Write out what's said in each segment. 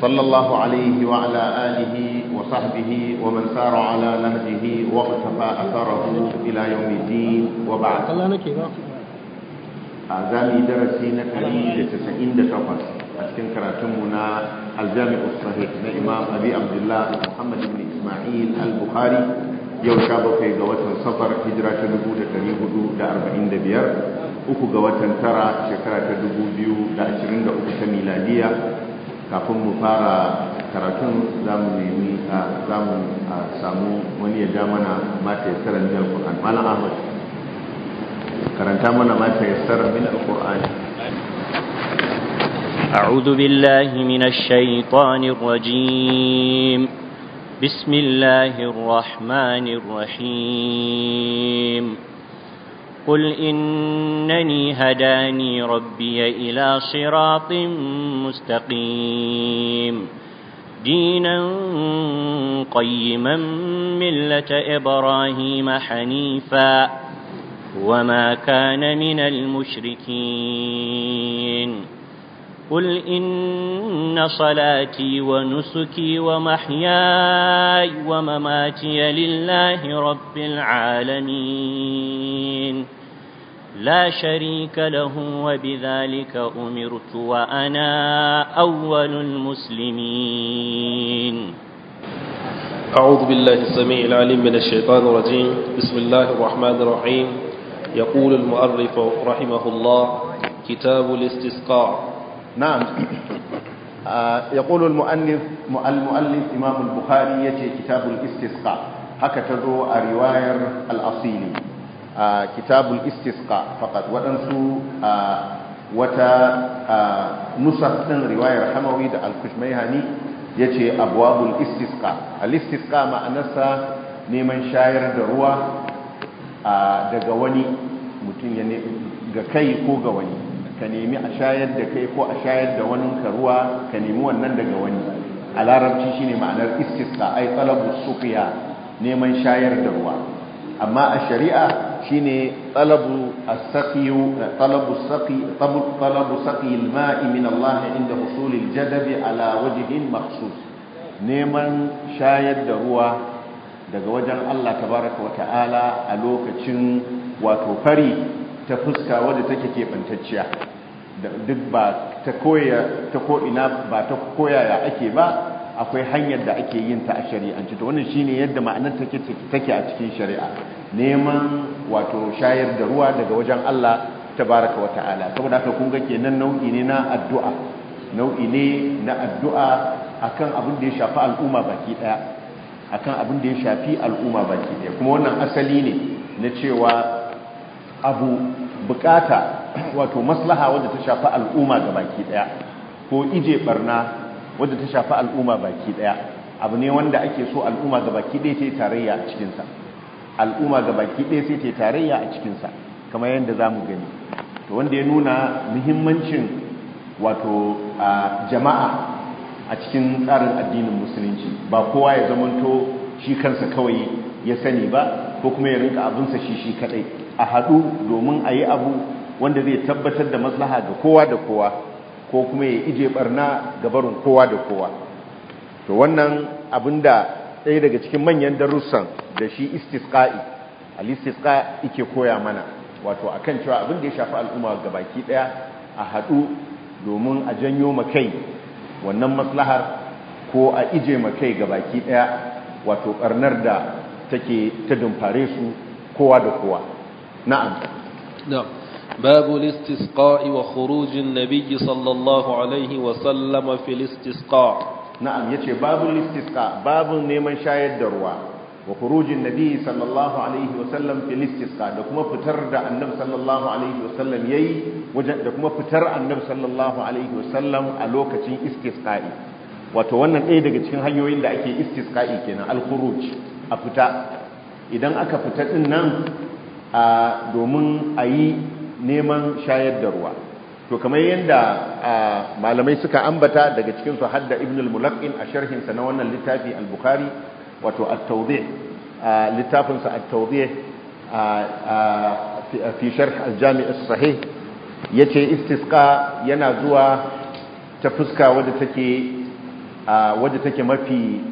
صلى الله عليه وعلى آله وصحبه ومن سار على نهجه واقتفى أثره إلى يوم الدين وبعد أعزامي درسي نتري لتسعين دتفس أتكن كراتمنا الجامع الصحيح من إمام أبي عبد الله محمد بن إسماعيل البخاري yau sha bakwai ga watan safar hijira ta dubu da ɗari hudu da arba'in da biyar uku ga watan tara shekara ta dubu biyu da ashirin da uku ta miladiya kafin mu fara karatun za mu nemi za mu samu wani ya mana mata ya tsara min alkur'ani mana ahmad karanta mana mata ya tsara min alkur'ani أعوذ بالله من الشيطان الرجيم بسم الله الرحمن الرحيم قل إنني هداني ربي إلى صراط مستقيم دينا قيما ملة إبراهيم حنيفا وما كان من المشركين قل إن صلاتي ونسكي ومحياي ومماتي لله رب العالمين لا شريك له وبذلك أمرت وأنا أول المسلمين أعوذ بالله السميع العليم من الشيطان الرجيم بسم الله الرحمن الرحيم يقول المؤرف رحمه الله كتاب الاستسقاء na'am yaqulu al-mu'allif muallif imam al-bukhari yace kitabul istisqa haka zo a riwayar al-asili kitabul istisqa faqat wadansu wata nusar riwayar hamawi da al-kushmayhani yace abwabul istisqa al-istisqa ma'anarsa neman shayar da ruwa daga wani mutum ya ne ga kai ko ga wani ka nemi a shayar da kai ko a shayar da wani ruwa ka nemi wannan daga wani a larabci shine ma'anar istisqa ai talabu suqiya neman shayar da ruwa amma a shari'a shine talabu as a talabu as-saqi talabu saqi al-ma'i min Allah inda husul al-jadab ala wajhin makhsus neman shayar da ruwa daga wajen Allah tabaraka wa ta'ala a lokacin wato fari ta fuska wadda take keɓantacciya duk ba ta ko'ina ba ta ya ake ba akwai hanyar da ake yin ta a shari'anci to wannan shine yadda ma'anar take take a cikin shari'a neman wato shayar da ruwa daga wajen Allah tabaraka wa ta'ala saboda haka kun ga kenan nau'i ne na addu'a nau'i ne na addu'a akan abin da ya shafi al'umma baki daya akan abin da ya shafi al'umma baki daya kuma wannan asali ne na cewa abu bukata wato maslaha wadda ta shafi al'umma ga baki daya ko ije barna wadda ta shafi al'umma baki daya abu ne wanda ake so al'umma ga baki daya sai tarayya a cikinsa al'umma ga baki daya sai ta tarayya a cikinsa kamar yadda za mu gani to wanda ya nuna muhimmancin wato jama'a a cikin tsarin addinin musulunci ba kowa ya zamanto shi kansa kawai ya sani ba ko kuma ya rinka abinsa shi shi kadai a haɗu domin a yi abu wanda zai tabbatar da maslaha ga kowa da kowa ko kuma ya ije barna ga barin kowa da kowa to wannan abin da ɗaya daga cikin manyan darussan da shi istisqa'i al yake koya mana wato akan cewa abin da ya shafi al'umma baki ɗaya a haɗu domin a janyo makai wannan maslahar ko a ije makai baki ɗaya wato ɓarnar da take ta dumfare su kowa da kowa na'am na'am باب الاستسقاء وخروج النبي صلى الله عليه وسلم في الاستسقاء نعم يتي باب الاستسقاء باب نيمان شايد دروا وخروج النبي صلى الله عليه وسلم في الاستسقاء da kuma fitar da annabi sallallahu alaihi wasallam yayi wajen da kuma fitar annabi sallallahu alaihi wasallam a lokacin istisqa'i wato wannan ɗaya daga cikin hanyoyin da ake istisqa'i kenan al-khuruj a fita idan aka fita din nan a domin a yi neman shayar da ruwa to kamar yadda malamai suka ambata daga cikinsu hadda ibn al-mulaqin a sharhinsa na wannan littafi al-bukhari wato at-tawdih littafinsa at-tawdih fi sharh al-jami' as-sahih yace istisqa yana zuwa ta fuska wadda take wadda take mafi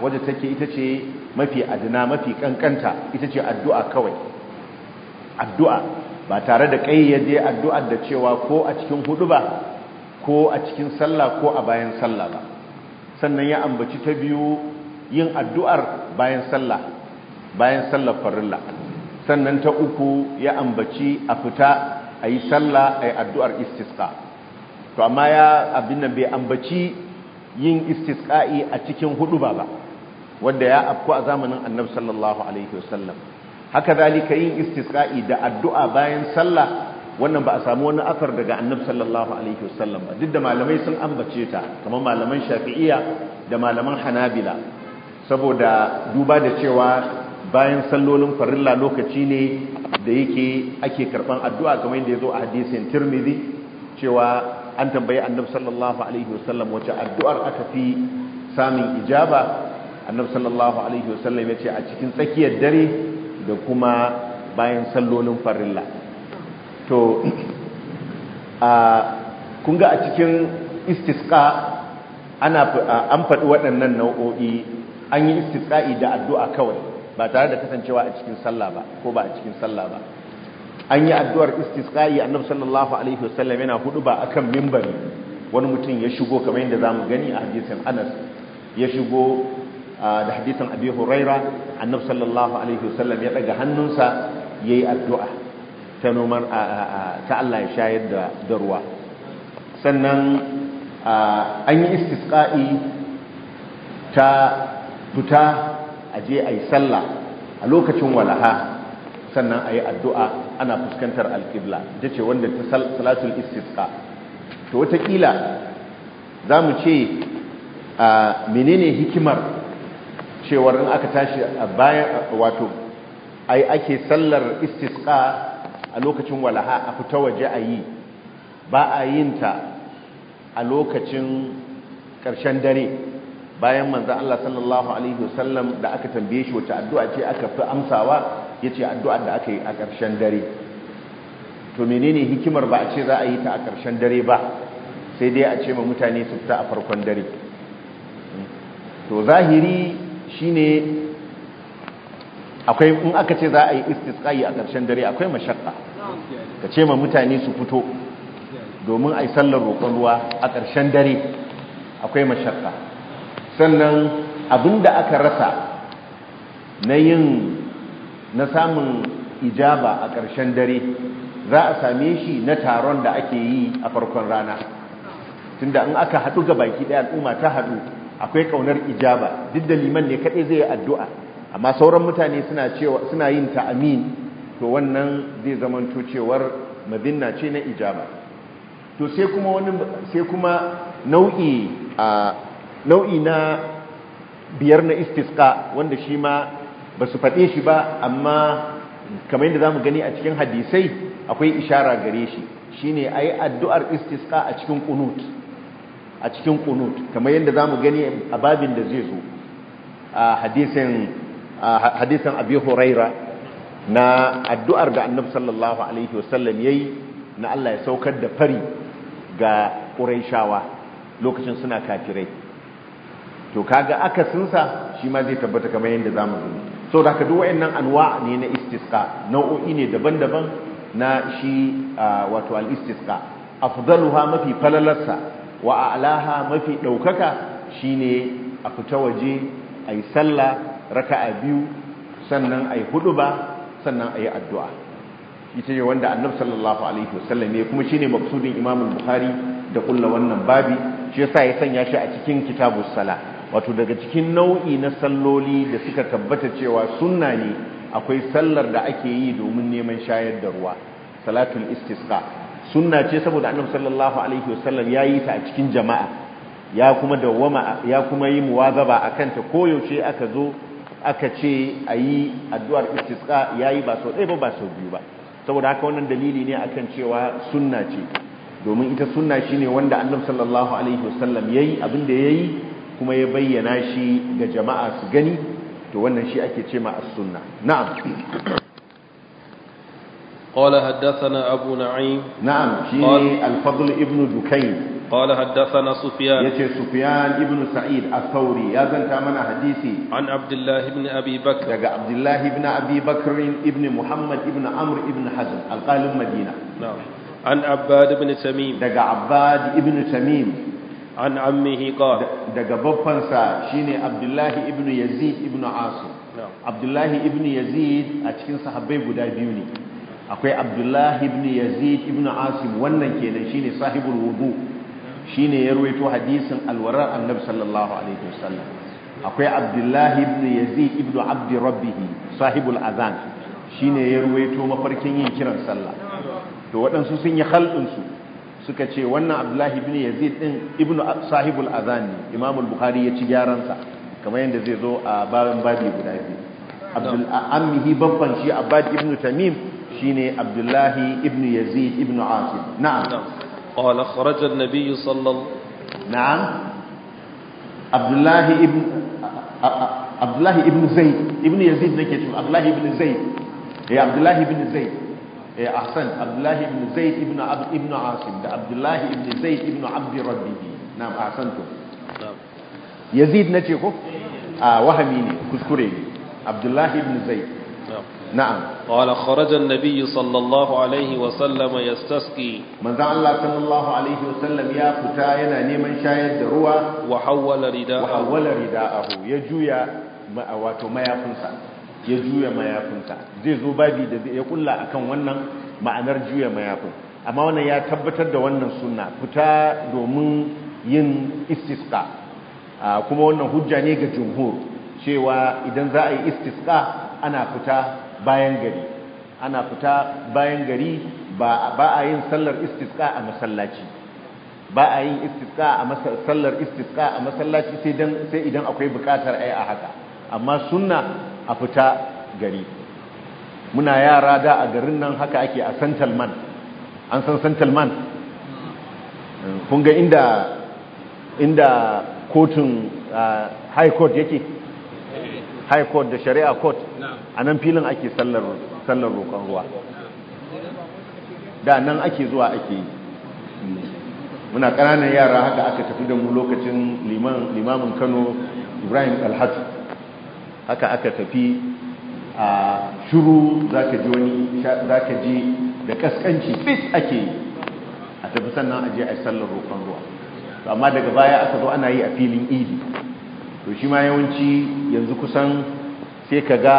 wadda take ita ce mafi adina mafi kankanta ita ce addu'a kawai addu'a ba tare da je addu'a da cewa ko a cikin hudu ba ko a cikin sallah ko a bayan sallah ba sannan ya ambaci ta biyu yin addu'ar bayan sallah bayan sallah farilla sannan ta uku ya ambaci a fita a yi sallah a yi addu'ar istiska to amma ya abin nan bai ambaci yin istisqa'i a cikin hudu ba ba wanda ya afku a zamanin annabi sallallahu alaihi wasallam haka zalika yin istisqa'i da addu'a bayan sallah wannan ba a samu wani afar daga annabi sallallahu alaihi wasallam ba duk da malamai sun ambace ta kamar malaman shafi'iyya da malaman hanabila saboda duba da cewa bayan sallolin farilla lokaci ne da yake ake karban addu'a kamar yadda ya zo a hadisin tirmidhi cewa an tambayi annabi sallallahu alaihi wasallam wace addu'ar aka fi samun ijaba annabi sallallahu alaihi wasallam ya ce a cikin tsakiyar dare da kuma bayan sallolin farilla to a kun ga a cikin istisqa ana an faɗi waɗannan nau'o'i an yi istisqa'i da addu'a kawai ba tare da kasancewa a cikin sallah ba ko ba a cikin sallah ba an yi addu'ar istisqa'i annabi sallallahu alaihi wasallam yana hudu ba akan mimbari wani mutum ya shigo kamar yadda zamu gani a hadisin Anas ya shigo da hadisin abi huraira annabi sallallahu alaihi wasallam ya daga hannunsa yayi addu'a ta noman ta Allah ya shayar da darwa. sannan an yi istisqa'i ta fita a je ayi sallah a lokacin walaha sannan ayi addu'a ana fuskantar alƙibla. ita ce wanda ta salatul istisqa to wataƙila za mu ce menene hikimar cewar in aka tashi a bayan wato ai ake sallar istisqa a lokacin walaha a fita waje a yi ba a yin ta a lokacin karshen dare bayan manzo Allah sallallahu alaihi wasallam da aka tambaye shi wata addu'a ce aka fi amsawa yace addu'a da aka yi a karshen dare to menene hikimar ba a ce za a yi ta a karshen dare ba sai dai a ce ma mutane su fita a farkon dare to zahiri shine akwai in aka ce za a yi istisqai a ƙarshen dare akwai mashakka ka ce ma mutane su fito domin a yi sallar roƙon ruwa a ƙarshen dare akwai mashakka sannan abin da aka rasa na yin na samun ijaba a ƙarshen dare za a same shi na taron da ake yi a farkon rana tunda in aka haɗu ga baki ɗaya al'umma ta haɗu akwai kaunar ijaba duk da liman ne kadai zai yi addu'a amma sauran mutane suna yin ta amin to wannan zai zamanto cewar madinna ce na ijaba to sai kuma wani nau'i na biyar na istisqa wanda shi ma ba su faɗe shi ba amma kamar yadda zamu gani a cikin hadisai akwai ishara gare shi shine ayi addu'ar istisqa a cikin qunut a cikin kunut kamar yadda za mu gani a babin da zai zo a hadisan abu abi huraira na addu'ar da annabi sallallahu alaihi wasallam yayi na Allah ya saukar da fari ga ƙuraishawa lokacin suna kafirai to kaga akasinsa shi ma zai tabbata kamar yadda za zamu gani saboda haka duk wayannan anwa ne na istiska nau'o'i ne daban-daban na shi wato al istiska afdaluha mafi falalarsa wa a'laha mafi daukaka shine a fita waje a ayi sallah a biyu sannan a yi hudu ba sannan a yi addu'a ita ne wanda annabi sallallahu alaihi wasallam ya kuma shine maksudin imamun buhari bukhari da kulla wannan babi shi yasa ya sanya shi a cikin kitabus sala wato daga cikin nau'i na salloli da suka tabbata cewa sunna ne akwai sallar da ake yi domin neman shayar da ruwa salatul istisqa sunna ce saboda annabi sallallahu alaihi wasallam ya yi ta a cikin jama'a ya kuma dawwama ya kuma yi muwazaba akan ta koyaushe aka zo aka ce a yi addu'ar istisqa ya yi ba sau ɗaya ba ba sau biyu ba saboda haka wannan dalili ne akan cewa sunna ce domin ita sunna shine wanda annabi sallallahu alaihi wasallam ya yi abin da ya yi kuma ya bayyana shi ga jama'a su gani to wannan shi ake ce ma as-sunna na'am قال حدثنا أبو نعيم نعم شيني الفضل ابن دكين قال حدثنا سفيان يتي سفيان ابن سعيد الثوري يا زنت منا حديثي عن عبد الله بن أبي بكر دقى عبد الله بن أبي بكر ابن محمد ابن عمرو ابن حزم القائل المدينة نعم عن عباد بن تميم دقى عباد ابن تميم عن عمه قال دقى بفنسا شيني عبد الله ابن يزيد ابن عاصم نعم عبد الله ابن يزيد أتكين صحابي قدا بيوني akwai abdullahi ibn yazid ibn asim wannan kenan shine sahibul wudu shine ya ruwaito hadisin alwarar annabi sallallahu alaihi wasallam akwai abdullahi ibn yazid ibn abd rabbih sahibul azan shine ya ruwaito mafarkin yin kiran sallah to waɗansu sun yi khalɗin su suka ce wannan abdullahi ibn yazid din ibn sahibul azan ne imam al-bukhari ya ci gyaran sa kamar yadda zai zo a baban babi guda biyu abdul ammihi babban shi abbad ibn tamim shine abdullahi ibn yazid ibn asim na'am qala kharaja an-nabiy sallallahu na'am abdullahi ibn abdullahi ibn zaid ibn yazid nake cewa abdullahi ibn zaid eh abdullahi ibn zaid eh ahsan abdullahi ibn zaid ibn abd ibn asim da abdullahi ibn zaid ibn abd rabbihi na'am ahsantum yazid nace ko a wahami ne kuskure ne abdullahi ibn zaid na'am qala kharaja an-nabiy sallallahu alaihi wa sallam Allah sallallahu wa sallam ya fita yana neman shayar da ruwa wa hawwala rida'ahu wa hawwala rida'ahu ya juya wato mayafinsa ya juya mayafinsa zai zo babu da ya a kan wannan ma'anar juya mayafin amma wannan ya tabbatar da wannan sunna fita domin yin istisqa kuma wannan hujja ne ga jumhur cewa idan za a yi istisqa ana fita bayan gari ana fita bayan gari ba a yin sallar istisqa a masallaci ba a yin istisqa a sallar istisqa a masallaci sai dan sai idan akwai bukatar ai a haka amma sunna a fita gari muna yara da a garin nan haka ake a santalman an san santalman kun ga inda inda kotun ah, high court yake high court da shari'a court a nan filin ake sallar roƙon ruwa da nan ake zuwa ake yi muna ƙananan yara haka aka tafi da mu lokacin limamin kano ibrahim alhaji haka aka tafi a shuru za ka ji da ƙasƙanci fit ake yi a tafi sannan aje a sallar roƙon ruwa amma daga baya aka zo ana yi a filin idi to shi ma yawanci yanzu kusan sai ka ga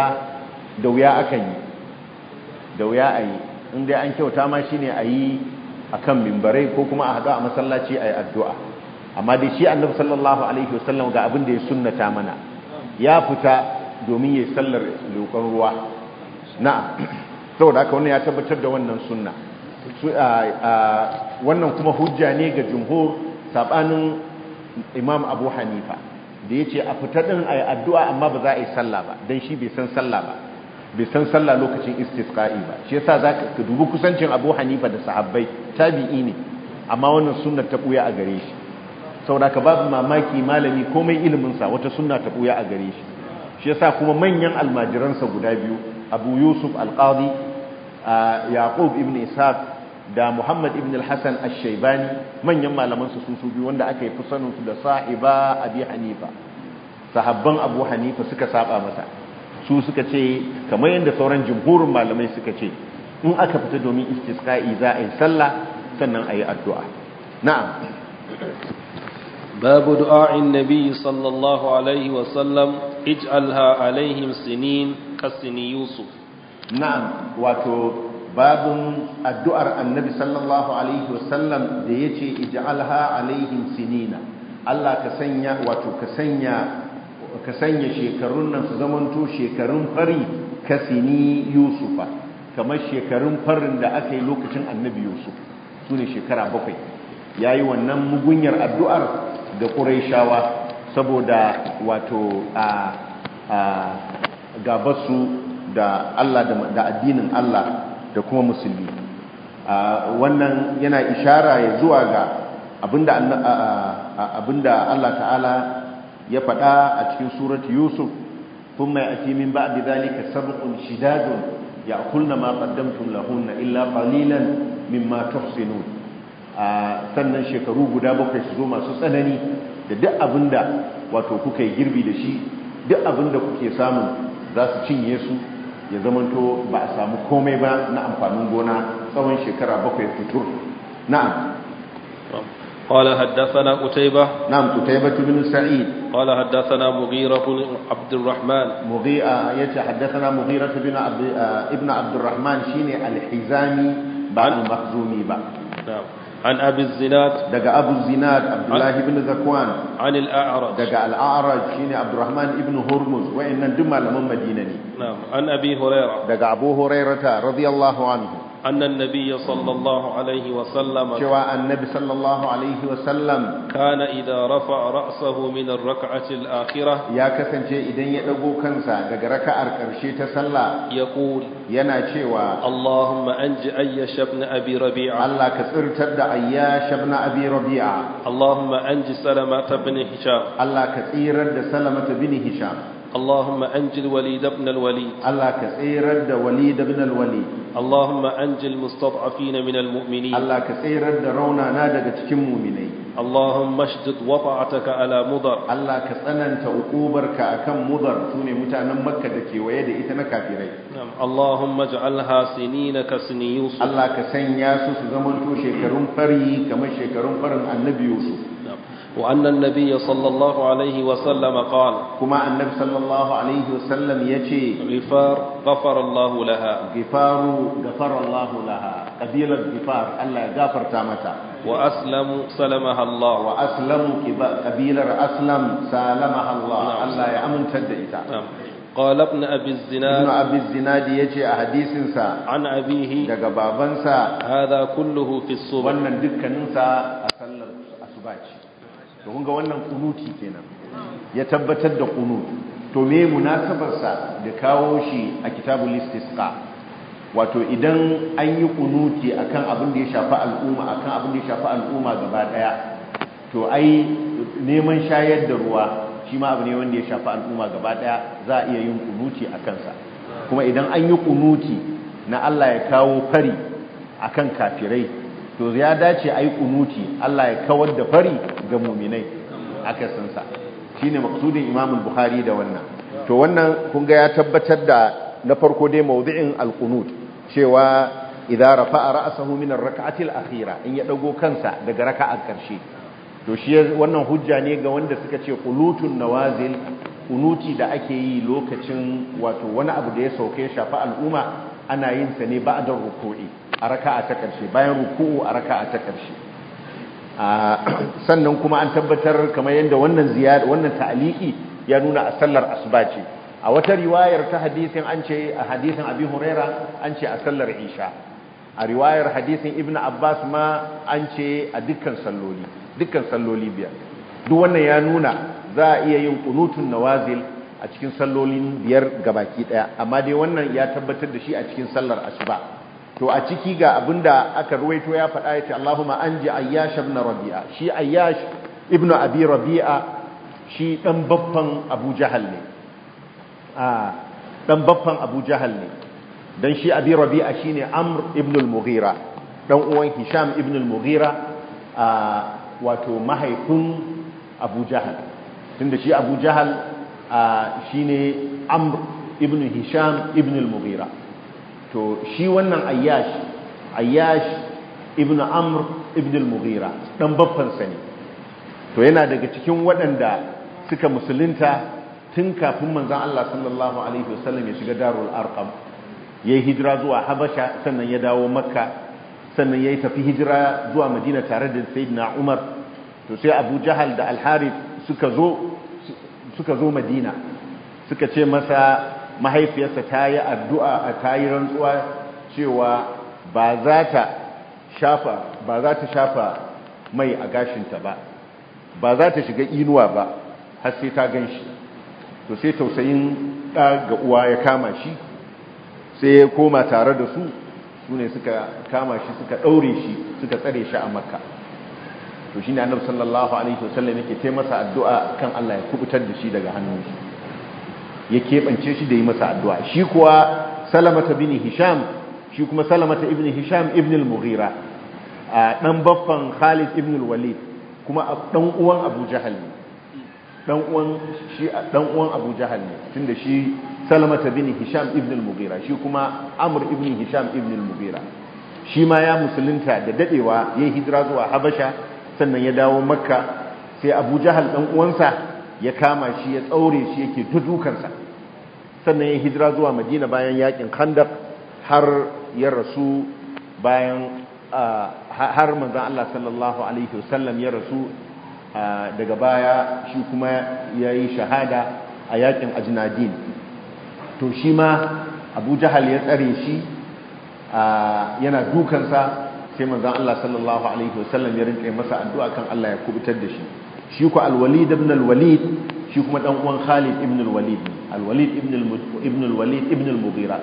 da wuya akan yi da wuya a yi inda an kyauta ma shi ne a yi a kan mimbarai ko kuma a haɗu a masallaci a yi addu'a amma da shi annabi sallallahu alaihi wasallam ga abin da ya sunnata mana ya fita domin ya sallar lokon ruwa na saboda haka wannan ya tabbatar da wannan sunna wannan kuma hujja ne ga jumhur sabanin imam abu hanifa da ya ce a fita a yi addu'a amma ba za a yi sallah ba don shi bai san sallah ba bai san sallah lokacin istisqa'i ba shi yasa za ka dubi kusancin Abu Hanifa da sahabbai tabi'i ne amma wannan sunnar ta buya a gare shi saboda ka babu mamaki malami komai iliminsa wata sunna ta buya a gare shi shi yasa kuma manyan almajiransa guda biyu Abu Yusuf alƙadi qadi Yaqub ibn Ishaq da Muhammad ibn al-Hasan al-Shaybani manyan malaman su biyu wanda aka yi fi da sa'iba Abi Hanifa sahabban Abu Hanifa suka saba masa su suka ce kamar yadda sauran jumhurin malamai suka ce in aka fita domin istisqa'i za a yi sallah sannan a yi addu'a na'am babu du'a'in nabi sallallahu alaihi wa ij'alha alaihim sinin kasini yusuf na'am wato babin addu'ar annabi sallallahu alaihi wasallam da ya ce ij'alha alaihim sinina Allah ka sanya wato ka sanya shekarun nan su zamanto shekarun fari ka sini yusufa kamar shekarun farin da aka yi lokacin annabi yusuf su ne shekara bakwai ya yi wannan mugunyar addu'ar ga ƙuraishawa saboda wato a gabasu da Allah da addinin Allah da kuma musulmi wannan yana ishara ya zuwa ga abinda Allah ta'ala ya faɗa a cikin surat Yusuf mai ake min ba a ba'di dhalika sabqun shidadun ya'kulna ma qaddamtum lahunna illa min mimma a sannan shekaru guda bakwai su zo masu tsanani da duk abinda wato kuka yi girbi da shi duk abinda kuke samun za su cinye su ya zamanto ba a samu komai ba na amfanin gona tsawon shekara bakwai fitur na'am قال حدثنا قتيبة نعم قتيبة بن سعيد قال حدثنا مغيرة بن عبد الرحمن مغيرة يتي حدثنا مغيرة بن عبد ابن عبد الرحمن شيني الحزامي بعد المخزومي بعد نعم عن أبي الزناد دقى أبو الزناد عبد الله بن ذكوان عن الأعرج دقى الأعرج شين عبد الرحمن بن هرمز وإن ندم على من مدينة نعم عن أبي هريرة دقى أبو هريرة رضي الله عنه أن النبي صلى الله عليه وسلم جواء النبي صلى الله عليه وسلم كان إذا رفع رأسه من الركعة الآخرة يا كسن جي إذن يدقو كنسا دقرك أركرشي تسلى يقول ينا جوا اللهم أنج أيش ابن أبي ربيعة الله كسر تبدأ ayyash ibn abi rabi'a Allahumma anji salamata bin hisham Allah ka tsirar da salamata bin hisham اللهم أنجل وليد بن الوليد الله كثير وليد بن الوليد اللهم أنجل مستضعفين من المؤمنين الله كثير رونا نادق تكم اللهم اشدد وطعتك على مضر الله كثننت عقوبرك أكم مضر سوني متانا مكة دكي ويد إتنا كافرين نعم اللهم اجعلها سنين كسني يوسف الله كسن ياسوس زمن تو شكرون فري كما شكرون فرن النبي يوسف وأن النبي صلى الله عليه وسلم قال كما النبي صلى الله عليه وسلم يجي غفار غفر الله لها غفار غفر الله لها قبيلة غفار ألا غفر تامتا وأسلم سلمها الله وأسلم قبيلة أسلم سلمها الله نعم. ألا يأمن تدئتا نعم. قال ابن أبي الزناد ابن أبي الزناد يجي أحديث سا عن أبيه دقى بابا سا هذا كله في الصبح وانا دكا ننسى أسلم أسباج da kunga ga wannan kunuti kenan ya tabbatar da kunut to me munasabarsa da kawo shi a kitabul istisqa wato idan an yi kunuti akan abin da ya shafi al'umma akan abin da ya shafi al'umma gaba daya to ai neman shayar da ruwa shi ma abu ne wanda ya shafi al'umma gaba daya za a iya yin kunuti a kansa kuma idan an yi kunuti na Allah ya kawo fari akan kafirai to ya dace ai kunuti Allah ya kawar da fari ga muminai aka sa shine maksudin imam bukhari da wannan to wannan kun ga ya tabbatar da na farko dai mawdu'in al-qunut cewa idza rafa'a ra'sahu min ar-rak'ati al-akhira in ya dago kansa daga raka'ar karshe to shi wannan hujja ne ga wanda suka ce qunutun nawazil qunuti da ake yi lokacin wato wani abu da ya sauke shafi al'umma ana yin sa ne ba'da ruku'i a raka'a ta karshe bayan ruku'u a raka'a ta karshe sannan kuma an tabbatar kamar yadda wannan ziyar wannan ta'liqi ya nuna a sallar asuba ce a wata riwayar ta hadisin an ce a hadisin abin Huraira an ce a sallar Isha a riwayar hadisin Ibn Abbas ma an ce a dukkan salloli dukkan salloli biyar duk wannan ya nuna za a iya yin kunutun nawazil a cikin sallolin biyar gabaki daya amma dai wannan ya tabbatar da shi a cikin sallar asuba to a ciki ga abinda aka ruwaito ya faɗa ya ce Allahumma ji ayyash ibn rabi'a shi ayyash ibn abi rabi'a shi dan baffan abu jahal ne a dan baffan abu jahal ne dan shi abi rabi'a shine amr ibn al-mughira dan uwan hisham ibn al-mughira a wato mahaifin abu jahal tunda shi abu jahal shine amr ibn hisham ibn al-mughira to shi wannan ayyash ayyash ibn amr ibn al-mughira dan babban sani to yana daga cikin waɗanda suka musulunta tun kafin manzon Allah sallallahu alaihi wasallam ya shiga darul arqam yayi hijira zuwa habasha sannan ya dawo makka sannan yayi tafi hijira zuwa madina tare da sayyidina umar to sai abu jahal da al-harith suka zo suka zo madina suka ce masa mahaifiyarsa ta yi addu'a a ta rantsuwa cewa ba za ta shafa ba za ta shafa mai a gashinta ba ba za ta shiga inuwa ba har sai ta gan shi to sai tausayin ɗa ga uwa ya kama shi sai ya koma tare da su su ne suka kama shi suka ɗaure shi suka tsare shi a makka to shi ne annabi sallallahu alaihi wasallam yake taimasa addu'a kan Allah ya kubutar da shi daga hannun shi ya keɓance shi da yi masa addu'a shi kuwa salamata bin hisham shi kuma salamata ibn hisham ibn al-mughira ɗan baffan khalid ibn al-walid kuma ɗan uwan abu jahal ne ɗan uwan abu jahal ne da shi salamata bin hisham ibn al-mughira shi kuma Amur ibn hisham ibn al-mughira shi ma ya musulunta da daɗewa ya hijira zuwa habasha sannan ya dawo makka sai abu jahal dan uwansa ya kama shi ya tsaure shi yake dudukansa sannan ya hijira zuwa madina bayan yakin khandak har ya rasu bayan har manzan Allah sallallahu alaihi wasallam ya rasu daga baya shi kuma ya yi shahada a yakin ajinadin to shi ma abu jahal ya tsare shi yana dukansa sai manzan Allah sallallahu alaihi wasallam ya rinke masa addu'a kan Allah ya kubutar da shi shi ku alwalid ibn alwalid shi kuma dan uwan Khalid ibn al-Walid al-Walid ibn ibn al-Walid ibn al-Mughira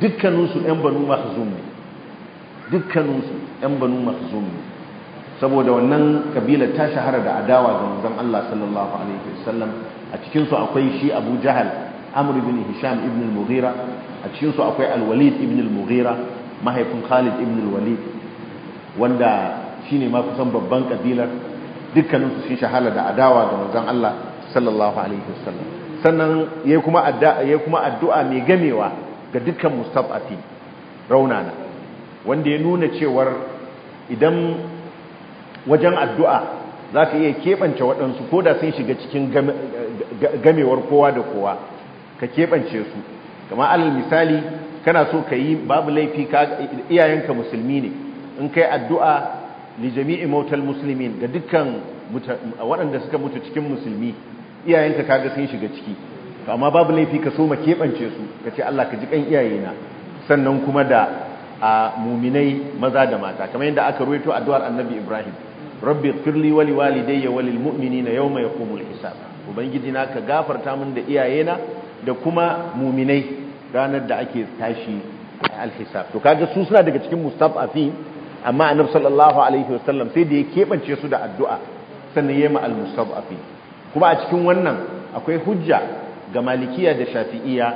dukkanin su ɗan Banu mahzum ne dukkanin su ɗan Banu mahzum ne saboda wannan kabila ta shahara da adawa ga manzon Allah sallallahu alaihi wasallam a cikin su akwai shi Abu Jahal Amr ibn Hisham ibn al-Mughira a cikin su akwai al-Walid ibn al-Mughira mahaifin Khalid ibn al-Walid wanda shine ma kusan babban kabilar dukkanin su sun shahara da adawa ga manzon Allah sallallahu alaihi wasallam sannan yayi kuma addu'a yayi kuma addu'a mai gamewa ga dukkan mustaf'afi raunana wanda ya nuna cewar idan wajen addu'a za ka iya keɓance waɗansu ko da sun shiga cikin gamewar kowa da kowa ka keɓance su kamar alal misali kana so ka yi babu laifi iyayenka musulmi ne in kai addu'a li jami'i mautal musulmin ga dukkan waɗanda suka mutu cikin musulmi iyayenka kaga sun shiga ciki to amma babu laifi ka soma ma keɓance su ka ce Allah ka ji kan iyaye na sannan kuma da a muminai maza da mata kamar yadda aka ruwaito addu'ar annabi Ibrahim rabbi firli wali walidayya walil mu'minina yawma yaqumul hisab ubangiji na ka gafarta min da iyaye na da kuma muminai ranar da ake tashi alhisab to kaga su suna daga cikin mustafafin amma annabi sallallahu alaihi wasallam sai da ya keɓance su da addu'a sannan yayi ma almustafafin kuma a cikin wannan akwai hujja ga malikiya da shafi'iya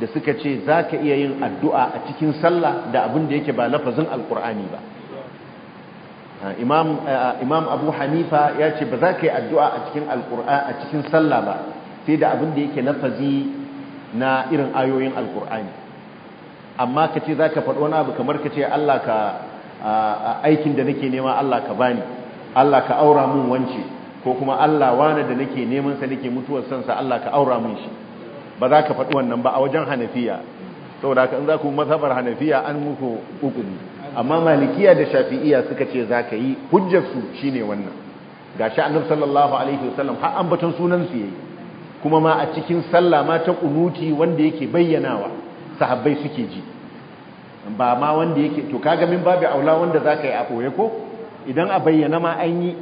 da suka ce za ka iya yin addu'a a cikin sallah da abin da yake ba lafazin alkur'ani ba ah, ah, imam abu hanifa ya ce ba za ka yi addu'a a cikin sallah ba sai da abin da yake lafazi na irin ayoyin alkur'ani amma ka ce za ka faɗo wani abu kamar ka ce allah ka ah, aikin da nake nema allah ka bani allah ka aura mun wance ko kuma Allah wane da nake neman sa nake mutuwar sa Allah ka aura min shi ba za ka faɗi wannan ba a wajen hanafiya saboda ka in za ku mazhabar hanafiya an muku hukumi amma malikiya da shafi'iya suka ce za ka yi su shine wannan gashi annabi sallallahu alaihi wasallam har an batun sunan su yayi kuma ma a cikin sallah ma ta kunuti wanda yake bayyanawa sahabbai suke ji ba ma wanda yake to kaga min babu aula wanda za ka yi a koye ko idan a bayyana ma an yi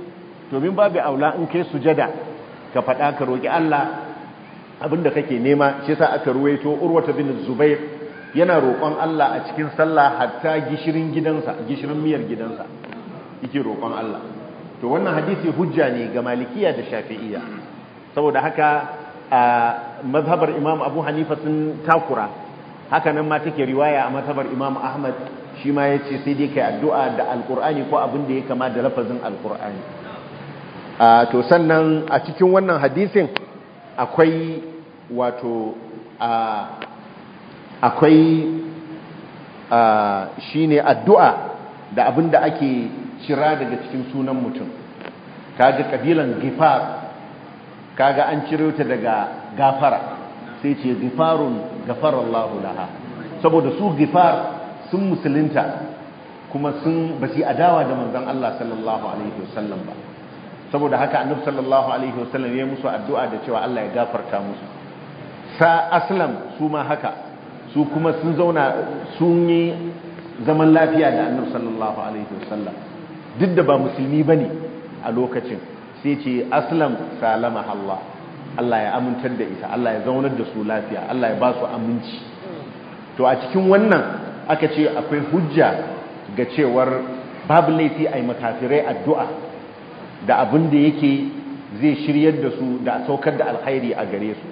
domin babu aula in kai sujada ka faɗa ka roki Allah abinda kake nema shi yasa aka ruwaito urwata bin zubair yana roƙon Allah a cikin sallah hatta gishirin gidansa gishirin miyar gidansa yake roƙon Allah to wannan hadisi hujja ne ga malikiya da shafi'iyya saboda haka a mazhabar imam abu hanifa sun takura haka nan ma take riwaya a mazhabar imam ahmad shi ma yace sai dai kai addu'a da alqur'ani ko abin da ya kama da lafazin alqur'ani to sannan a cikin wannan hadisin akwai wato akwai shi ne addu'a da abin da ake cira daga cikin sunan mutum kaga kabilan gifar kaga an ciro ta daga gafara sai ce gifarun gafarallahu laha saboda su gifar sun musulunta kuma sun basi adawa da manzon Allah sallallahu alaihi wasallam ba saboda haka annabi sallallahu alaihi wasallam ya musu addu'a da cewa Allah ya gafarta musu sa aslam su ma haka su kuma sun zauna sun yi zaman lafiya da annabi sallallahu alaihi wasallam duk da ba musulmi bane a lokacin sai ce aslam salama Allah Allah ya amintar da ita Allah ya zaunar da su lafiya Allah ya ba su aminci to a cikin wannan aka ce akwai hujja ga cewar babu laifi a yi makafirai addu'a da abin da yake zai shiryar da su da saukar da alkhairi a gare su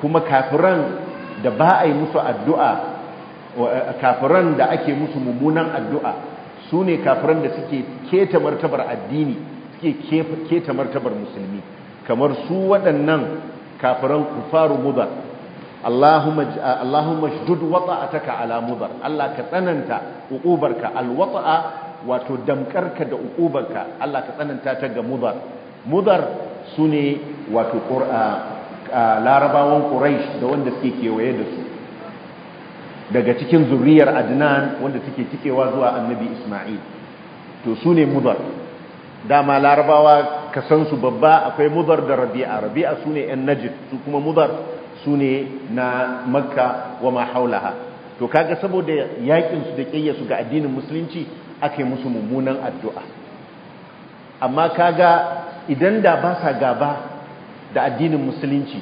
kuma kafiran da ba a yi musu addu'a eh, kafiran da ake musu mummunan addu'a su ne kafiran da suke keta martabar addini suke keta martabar musulmi kamar su waɗannan kafiran kufaru mudar Allahumma shdud wata'ataka ala mudar Allah ka tsananta uqubarka alwata'a wato damkarka da ka Allah ka tsananta ta ga mudar mudar su ne wato larabawan ƙuraish da wanda suke kewaye da su daga cikin zuriyar adnan wanda suke cikewa zuwa annabi isma'il to su ne mudar dama larabawa ka san su babba akwai mudar da rabi'a rabi'a sune yan najid su kuma mudar su ne na makka wa ma haulaha to kaga saboda yaƙinsu da kiyyasu ga addinin musulunci aka musu mummunan addu'a amma ka ga idan da ba sa gaba da addinin musulunci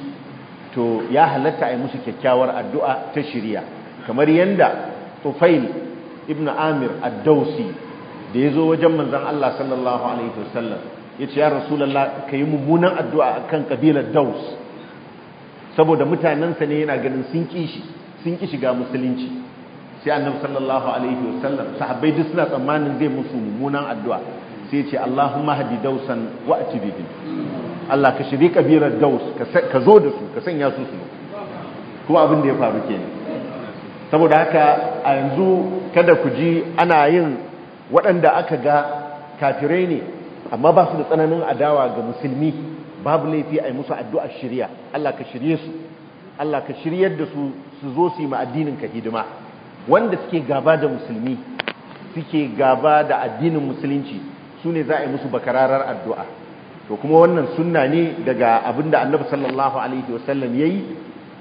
to ya halatta a yi musu kyakkyawar addu'a ta shirya kamar yadda tufail ibn amir addausi da ya zo wajen manzan Allah sallallahu alaihi wasallam ya ce ya rasulallah ka yi mummunan addu'a a kan ƙabilar daus saboda mutanensa ne yana ganin sun ƙi shiga musulunci sai annabi sallallahu alaihi wasallam sahabbai duk suna tsammanin zai musu mummunan addu'a sai ya ce Allahumma hadi dausan wa atibihim Allah ka shiri kabirar daus ka zo da su ka sanya su su kuma abin da ya faru kenan saboda haka a yanzu kada ku ji ana yin waɗanda aka ga kafirai ne amma ba su da tsananin adawa ga musulmi babu laifi a yi musu addu'a shirya Allah ka shirye su Allah ka shiryar da su su zo su yi ma addinin ka hidima wanda suke gaba da musulmi suke gaba da addinin musulunci su ne za a yi musu bakararar addu'a to kuma wannan sunna ne daga abinda annabi sallallahu alaihi wasallam ya yi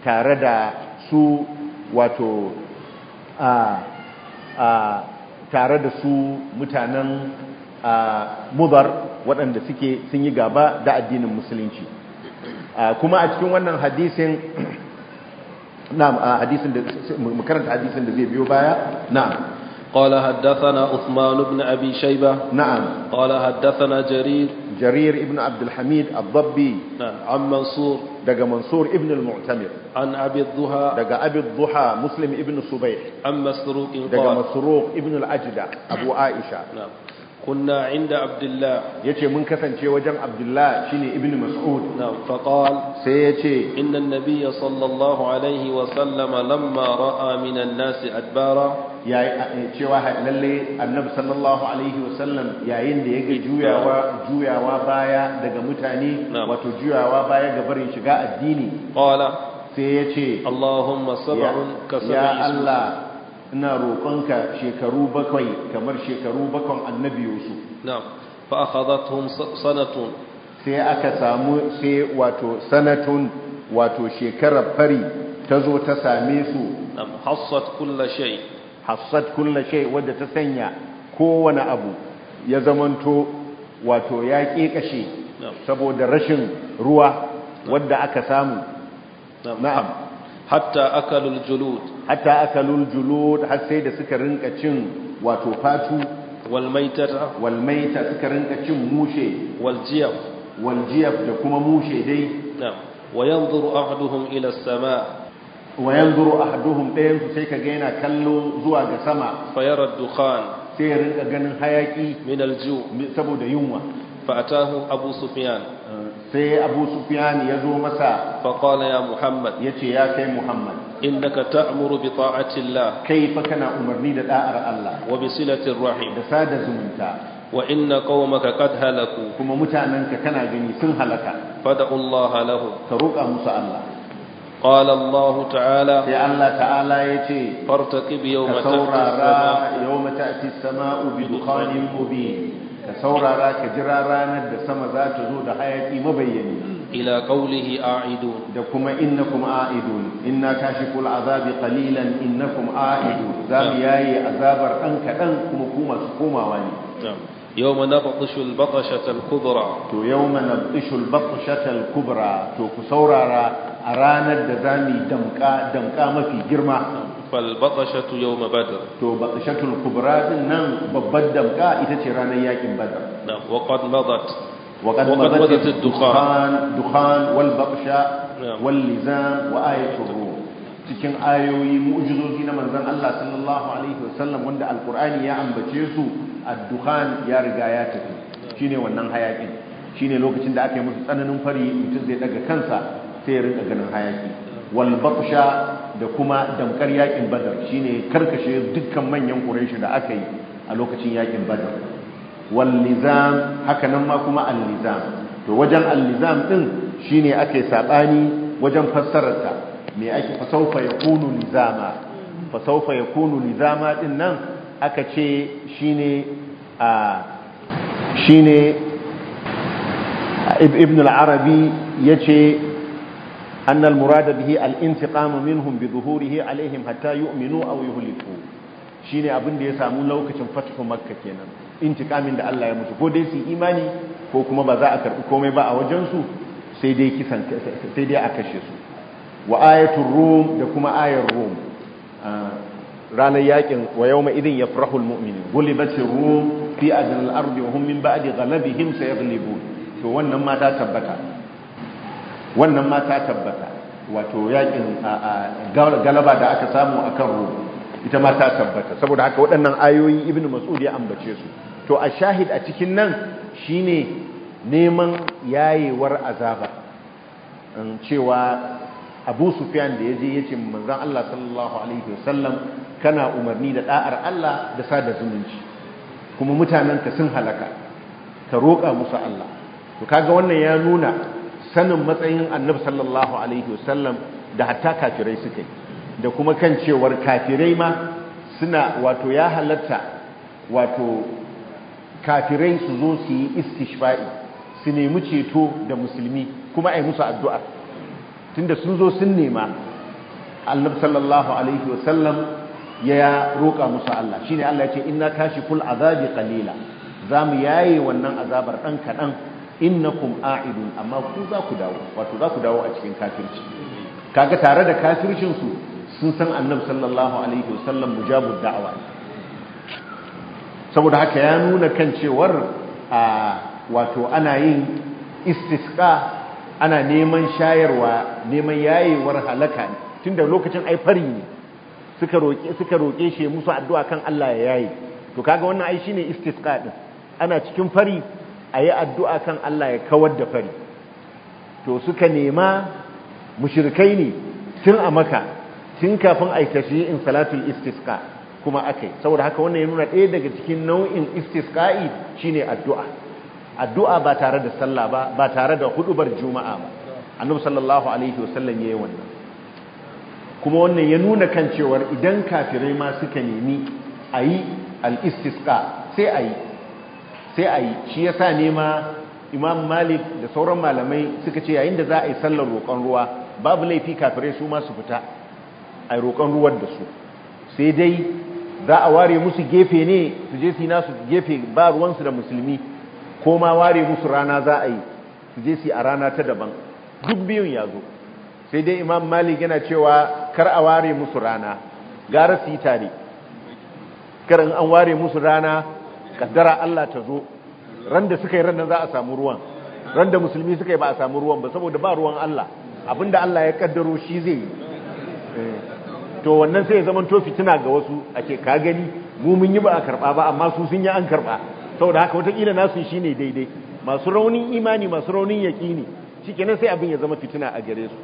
tare da su wato a a tare da su mutanen mubar waɗanda suke sun yi gaba da addinin musulunci kuma a cikin wannan hadisin نعم حديث مكرر حديث الذي بيو بايا نعم قال حدثنا عثمان بن أبي شيبة نعم قال حدثنا جرير جرير ابن عبد الحميد الضبي نعم عن منصور دقى منصور ابن المعتمر عن أبي الضحى دقى أبي الضحى مسلم ابن صبيح عن مسروق قال دقى مسروق ابن الأجدع أبو عائشة نعم kunna inda abdullah ce mun kasance wajen abdullah shine ibnu mas'ud na faqal sai ya ce. inna an-nabiyya sallallahu alaihi wa sallama lamma ra'a min an-nasi adbara yayi cewa lalle annabi sallallahu alaihi wa sallam yayin da yaga juyawa juyawa baya daga mutane wato juyawa baya ga barin shiga addini qala sai yace allahumma sab'un ka sab'i ya allah ina roƙonka shekaru bakwai kamar shekaru bakwan annabi yusuf na'am fa akhadathum sanatun sai aka samu sai wato sanatun wato shekarar fari ta zo ta same su na'am hassat kullu shay hassat kullu shay wanda ta sanya kowane abu ya zamanto wato ya kashe saboda rashin ruwa wanda aka samu na'am hatta akalul julud hatta akalul julud har sai da suka rinka cin wato fatu wal maitata wal maita suka rinka cin mushe wal jiyaf wal jiyaf da kuma mushe dai na'am wa yanzuru ahaduhum ila as-samaa wa yanzuru ahaduhum dayan su sai kaga yana kallo zuwa ga sama fa yara dukhan sai ya rinka ganin hayaki min al-ju saboda yunwa fa atahu abu sufyan sai abu sufyan ya zo masa faƙala ya muhammad ya ce ya kai muhammad innaka ta'muru bi ta'atillah kai fa kana umarni da da'ar Allah wa bi silatir rahim da sada zumunta wa inna qaumaka qad halaku kuma mutananka kana gani sun halaka fad'u Allah lahu ka roƙa musu Allah qala Allah ta'ala sai Allah ta'ala yace fartaqib yawma ta'ti as-sama'u yawma ta'ti as-sama'u ka saurara ka jira ranar da sama za ta zo da hayaki mabayyani ila qawlihi a'idun da kuma innakum a'idun inna kashiful azabi qalilan innakum a'idun za mu yayi azabar an kadan kuma ku masu komawa ne yawma nabtishu al-batshata al-kubra to yawma nabtishu al-batshata al-kubra to ku saurara a ranar da za mu damka damka mafi girma falbatashatu yau mabadar to batashatul kubra din nan babbar damka ita ce ranar yakin badar na waƙad mazat waƙad mazat dukhan dukhan wal batsha wal lizan wa ruh cikin ayoyi mu'jizozi na manzon Allah sallallahu alaihi wasallam wanda alqur'ani ya ambace su ad-dukhan ya riga ya tafi shine wannan hayakin shine lokacin da aka yi musu tsananin fari mutum zai daga kansa sai ya rinka ganin hayaki wal batsha da kuma damkar yakin badar shine karkashe dukkan manyan quraishi da aka yi a lokacin yakin badar wallizam hakanan haka ma kuma al to wajen al nizam din shine ake saɓani wajen fassarar mai ake fasaufa yakunu nizama fasaufa yakunu nizama din nan aka ce shine a shine ibn al-arabi ce. أن المراد به الانتقام منهم بظهوره عليهم حتى يؤمنوا أو يهلكوا shine abin da ya samu lokacin fathu makka kenan intiqamin da Allah ya musu ko dai su imani ko kuma ba za a karbi komai ba a wajen su sai dai kisan sai dai a kashe su wa ayatul rum da kuma ayar rum ranar yakin wa yawma idin yafrahul mu'minin gulibatir rum fi adnal ardi wa hum min ba'di ghalabihim sayghlibun to wannan ma ta tabbata wannan ma ta tabbata wato yakin galaba da aka samu akan rum ita ma ta tabbata saboda haka waɗannan ayoyi ibnu mas'ud ya ambace su to a shahid a cikin nan shine neman yayewar azaba cewa Abu Sufyan da ya ya yace manzan Allah sallallahu alaihi wasallam kana umarni da ɗa'ar Allah da sada zumunci kuma mutanenka sun halaka ka roƙa musu Allah to kaga wannan ya nuna sanin matsayin annabi sallallahu alaihi wasallam da hatta kafirai suka da kuma kan cewar kafirai ma suna wato ya halatta wato kafirai su zo su yi istishfa'i su nemi ceto da musulmi kuma ai musu addu'a tunda sun zo sun nema annab sallallahu alaihi wasallam ya roƙa musu Allah shine Allah ya ce inna kashiful azabi qalila zamu yaye wannan azabar dan kadan innakum a'idun amma ku za ku dawo wato za ku dawo a cikin kafirci kaga tare da kafircin su sun san annabi sallallahu alaihi wasallam mujabud da'wa saboda haka ya nuna kan cewar a wato ana yin istisqa ana neman shayarwa neman yayewar halaka tunda lokacin ai fari ne suka roke suka roke shi musu addu'a kan Allah ya yaye to kaga wannan ai shine istisqa din ana cikin fari a yi addu'a kan Allah ya kawar da fari to suka nema mushirikai ne tun a maka tun kafin a in salatul istiska kuma aka yi saboda haka wannan ya nuna ɗaya daga cikin nau'in shi shine addu'a addu'a ba tare da sallah ba ba tare da hudubar juma'a ba annabi sallallahu alaihi wasallam yi wannan kuma wannan ya nuna kan cewar idan kafirai ma suka nemi ayi al-istisqa sai a yi. sai a yi shi ya sa nema imam malik da sauran malamai suka ce yayin da za a yi sallar roƙon ruwa babu laifi kafirai su ma su fita a yi roƙon ruwan da su sai dai za a ware musu gefe ne su je su yi nasu gefe ba ruwansu da musulmi ko ma ware musu rana za a yi su je su yi a rana ta daban duk biyun ya zo sai dai imam malik yana cewa kar a ware musu rana gara su yi tare karin an ware musu rana kaddara Allah ta zo ran da suka yi ran za a samu ruwan ran da musulmi suka yi ba a samu ruwan ba saboda ba ruwan Allah abinda Allah ya kaddaro shi zai yi eh. to wannan sai ya zama to fitina ga wasu ake ka gani mu mun yi ba a karba ba amma su sun yi an karba saboda haka watakila nasu shine daidai masu raunin imani masu raunin yaƙini shikenan sai abin ya zama fitina a gare su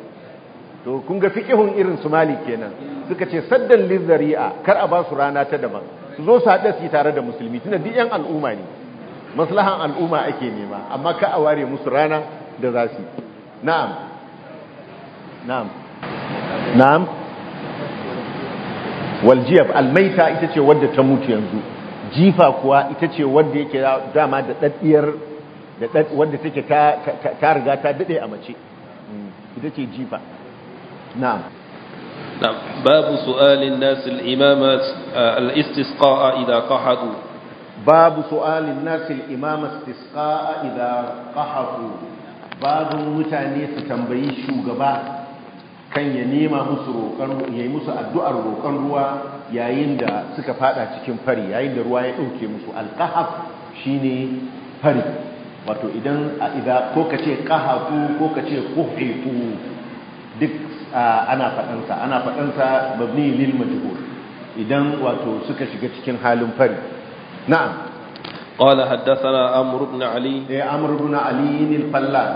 to kun ga fikihun irin su mali kenan suka ce saddan lizari'a kar a ba su rana ta daban su zo su haɗa su yi tare da musulmi tunda duk yan al'umma ne maslahan al'umma ake nema amma ka a ware musu rana da za su na'am na'am na'am waljiyar almaita ita ce wadda ta mutu yanzu jifa kuwa ita ce wadda yake dama da ɗaɗɗiyar wadda take ta riga ta daɗe a mace hmm. ita ce jifa na'am نعم باب سؤال الناس الإمام الاستسقاء إذا قحطوا باب سؤال الناس الإمام استسقاء إذا قحطوا باب متاني ستنبي شوغبا كان ينيما مسرو كان يمسو الدعاء روكان روا yayin da suka fada cikin fari yayin da ruwa ya dauke musu alqahaf shine fari wato idan a idza ko kace qahafu ko kace quhitu duk ana faɗansa ana faɗansa mabni lil majhul idan wato suka shiga cikin halin fari na'am قال حدثنا عمرو بن علي ايه عمرو بن علي الفلاس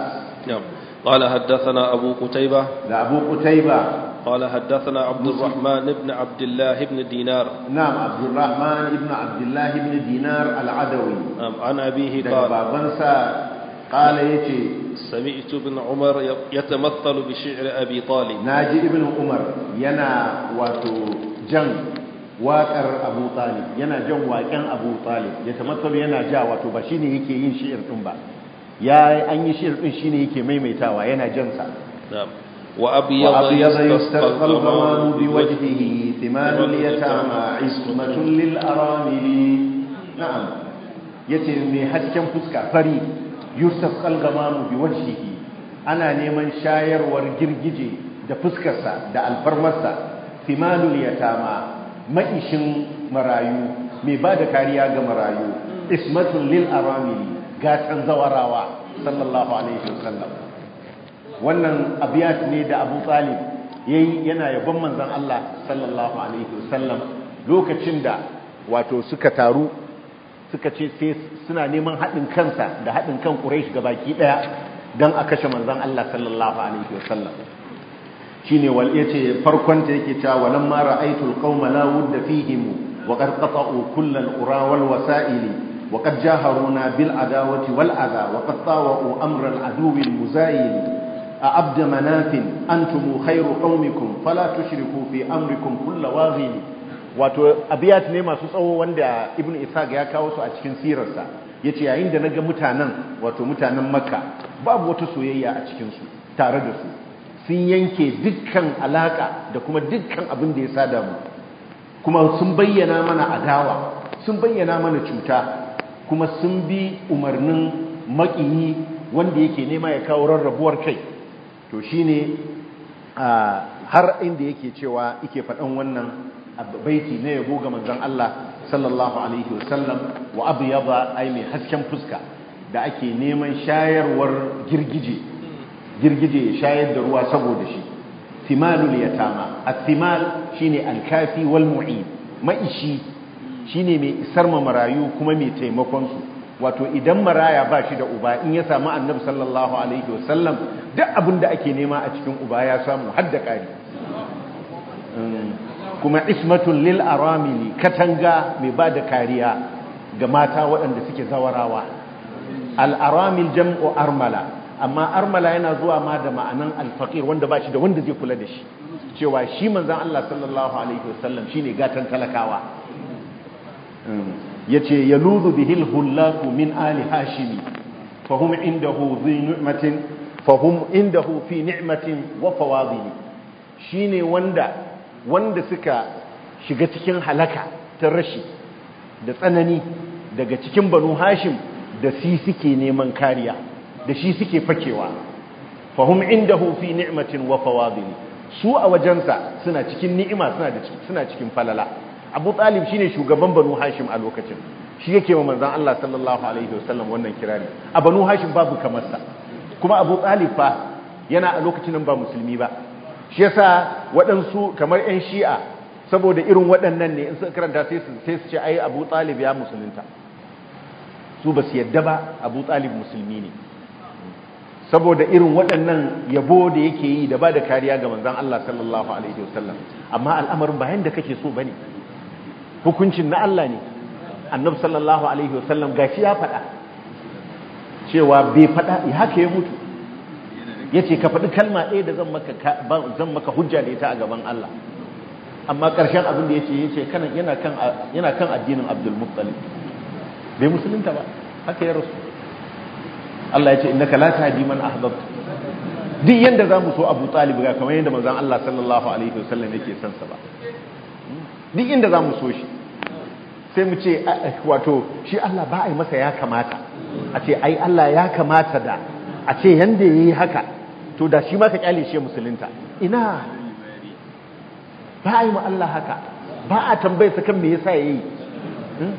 نعم قال حدثنا ابو قتيبه ده ابو قتيبه قال حدثنا عبد الرحمن بن عبد الله بن دينار نعم عبد الرحمن بن عبد الله بن دينار العدوي نعم عن ابيه قال بابنسا قال يتي سمعت ابن عمر يتمثل بشعر أبي طالب ناجي ابن عمر ينا واتو جن واتر أبو طالب ينا جن واتن أبو طالب يتمثل ينا جا واتو بشيني هكي ين شعر تنبا يا أني شعر تنشيني هكي ميميتا وينا جنسا نعم وأبيض, وأبيض يستقى الغمام بوجهه ثمان اليتامى عصمة للأرامل نعم يتمي حتى كم فسكا فريق yusuf kalgamamu bi wajhihi ana neman shayarwar girgije da fuskarsa da alfarmarsa simalul yatama maishin marayu mai ba da kariya ga marayu ismatul lil aramili gatan zawarawa sallallahu alaihi wasallam wannan abiyat ne da abu talib yayi yana yabon manzon Allah sallallahu alaihi wasallam lokacin da wato suka taru suka ce sai suna neman haɗin kansa da haɗin kan ga baki ɗaya don a kashe manzon Allah sallallahu alaihi wasallam ne wal ce farkon ta yake cewa walam ma ra'aytul qauma la wudda fihim wa qad qata'u kullal ura wal wasa'ili wa qad jaharuna bil adawati wal adha wa qad tawa'u amra al aduwi al muzayil a abd manaf antum khayru qaumikum fala tushriku fi amrikum kull waghili wato abiyat ne masu tsawo wanda ibn ishaq ya kawo su a cikin sirarsa ya ce yayin da na ga mutanen wato mutanen makka babu wata soyayya a cikin su tare da su sun yanke dukkan alaka da kuma dukkan abin da ya sa mu kuma sun bayyana mana adawa sun bayyana mana cuta kuma sun bi umarnin makiyi wanda yake nema ya kawo rarrabuwar kai to shine har inda yake cewa yake faɗan wannan baiti na yabo ga manzon Allah sallallahu alaihi wasallam wa abyada ai mai hasken fuska da ake neman shayarwar girgije girgije ya shayar da ruwa saboda shi timalul yatama at-timal shine al-kafi wal mu'in maishi shine mai isar ma marayu kuma mai taimakon su wato idan maraya ba shi da uba in ya samu annabi sallallahu alaihi wasallam duk abin da ake nema a cikin uba ya samu har da kari hmm. kuma ismatun lil aramili katanga mai ba da kariya ga mata waɗanda suke zawarawa al al'aramil jam'u armala amma armala yana zuwa ma da ma'anan alfaƙir wanda ba shi da wanda zai kula da shi cewa shi manzan Allah sallallahu Alaihi wasallam shi ne gatan talakawa mm. yace ce ya luzu bihil hullaku min ali hashimi fahim inda indahu fi ni'matin wa fawazini shi ne wanda wanda suka shiga cikin halaka ta rashi da tsanani daga cikin banu hashim da si suke neman kariya da shi suke fakewa fahum inda hufi ni'matin wa fawadili su a wajensa suna cikin ni'ima suna cikin falala Abu Talib shine shugaban Banu Hashim a lokacin shi yake wa manzon Allah sallallahu alaihi wasallam wannan kirari a Banu Hashim babu kamar sa kuma Abu Talib fa yana a lokacin nan ba musulmi ba shi yasa waɗansu kamar 'yan shi'a saboda irin waɗannan ne in su karanta sai su ce ai abu talib ya musulunta su ba su yadda ba abu talib musulmi ne saboda irin waɗannan yabo da yake yi da ba da kariya ga manzan Allah sallallahu alaihi wasallam amma al'amarin bayan da kake so ba ne hukuncin na Allah ne annab sallallahu alaihi wasallam gashi ya faɗa cewa bai faɗa haka ya mutu yace ka faɗi kalma ɗaya da zan maka hujja da ita a gaban Allah amma ƙarshen abin da yace yace yana kan addinin Abdul bai musulunta ba haka ya rasu Allah yace innaka la tahdi man ahbabta duk yadda za mu so Abu Talib ga kamar yadda mazan Allah sallallahu alaihi wasallam yake son sa ba duk inda mu so shi sai mu ce wato shi Allah ba a yi masa ya kamata a ce ai Allah ya kamata da a ce yanda yi haka to da shi ma ka kyale shi musulunta ina ba a yi ma Allah haka ba a tambayi sa kan me yasa yayi hmm?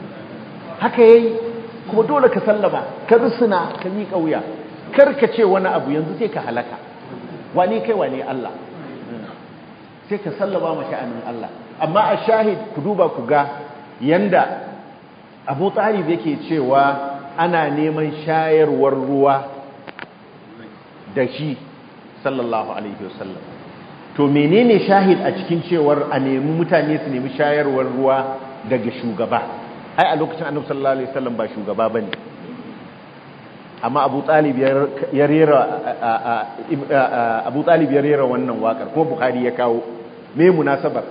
haka yayi kuma dole ka sallama ka rusuna ka yi kauya kar ka ce wani abu yanzu sai ka halaka wani kai wani Allah hmm. sai ka sallama ma sha'anin Allah amma a shahid ku duba ku ga yanda Abu Talib yake cewa ana neman shayarwar ruwa da shi sallallahu alaihi wasallam to menene shahid a cikin cewar a nemi mutane su nemi shayarwar ruwa daga shugaba ai a lokacin annabi sallallahu alaihi wasallam ba shugaba bane amma Abu Talib ya rera Abu Talib ya rera wannan wakar kuma Bukhari ya kawo me munasabar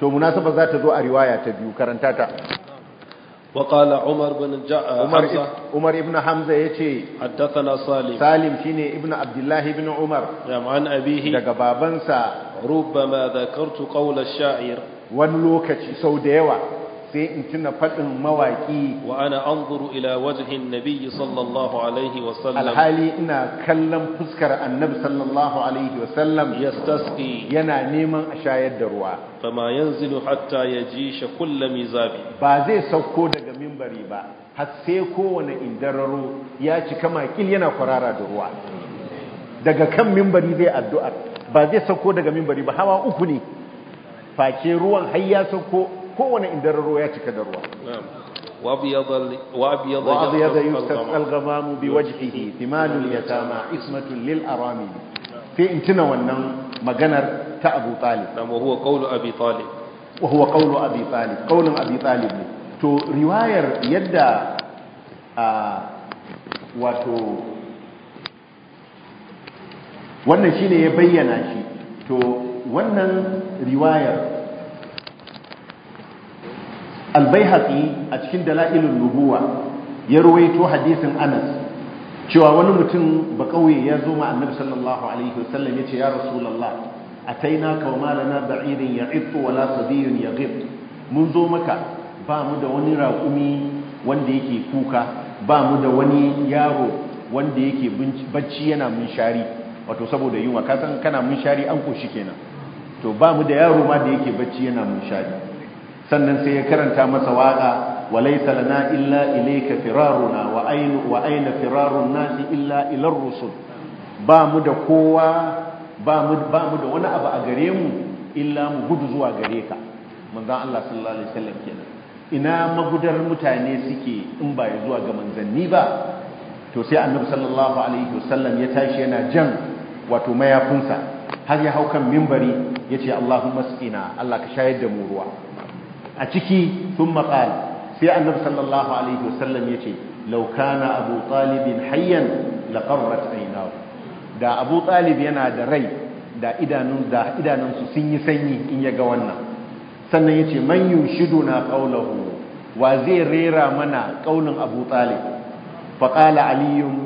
to munasabar za ta zo a riwaya ta biyu karanta ta وقال عمر بن جاء عمر حمزة عمر ابن حمزة يتي حدثنا سالم سالم شيني ابن عبد الله بن عمر نعم عن أبيه دقى ربما ذكرت قول الشاعر ونلوكتي سوديوة sai in tuna faɗin mawaƙi wa ana anzuru ila wajhin nabiyyi sallallahu alaihi wa sallam alhali ina kallon fuskar annabi sallallahu alaihi wa sallam yastasqi yana neman a shayar da ruwa fama yanzilu hatta yajisha kullu mizabi ba zai sauko daga minbari ba har sai kowane indararo ya cika makil yana kwarara da ruwa daga kan minbari zai addu'a ba zai sauko daga minbari ba hawa uku ne face ruwan har ya sauko kowane indararo ya cika da ruwa وابيض يستسقى الغمام بوجهه ثمان اليتامى عصمه للارامل sai in tuna wannan maganar ta Abu Talib wa huwa qawlu Abi Talib wa huwa Abi Talib qawlun Abi Talib ne to riwayar yadda a wato wannan shine ya bayyana shi to wannan riwayar al-Baihaqi a cikin Dalailun Nubuwa ya ruwaito hadisin Anas cewa wani mutum ba kauye ya zo ma annabi sallallahu alaihi wasallam ya ce ya rasulullah ataina ka ma lana ba'irin ya'ittu wala sabiyun yaghib mun zo maka ba mu da wani raƙumi wanda yake kuka ba mu da wani yaro wanda yake bacci yana shari, wato saboda yunwa ka san kana shari an koshi kenan to ba mu da yaro ma da yake bacci yana shari, sannan sai ya karanta masa waka وليس لنا إلا إليك فرارنا وأين, وأين فرار الناس إلا إلى الرسل بامد قوة بامد بامد وانا أبا أغريم إلا مغدزوا أغريك من ذا الله صلى الله عليه وسلم كنا إنا مغدر متعني سكي إنبا يزوا غمان زنيبا توسي النبي صلى الله عليه وسلم يتاشينا جن وتما يفنسا هل يهو كم منبري يتي اللهم اسقنا الله كشاهد دموروا أتكي ثم قال sai annab sallallahu alaihi wasallam ya ce laukana abu talibin hayyan laqarrat aynahu da abu talib yana da rai da idanunsu sun yi sanyi in ya ga wannan sannan yace man na qawluhu wa zai rera mana ƙaunin abu talib faqala aliyun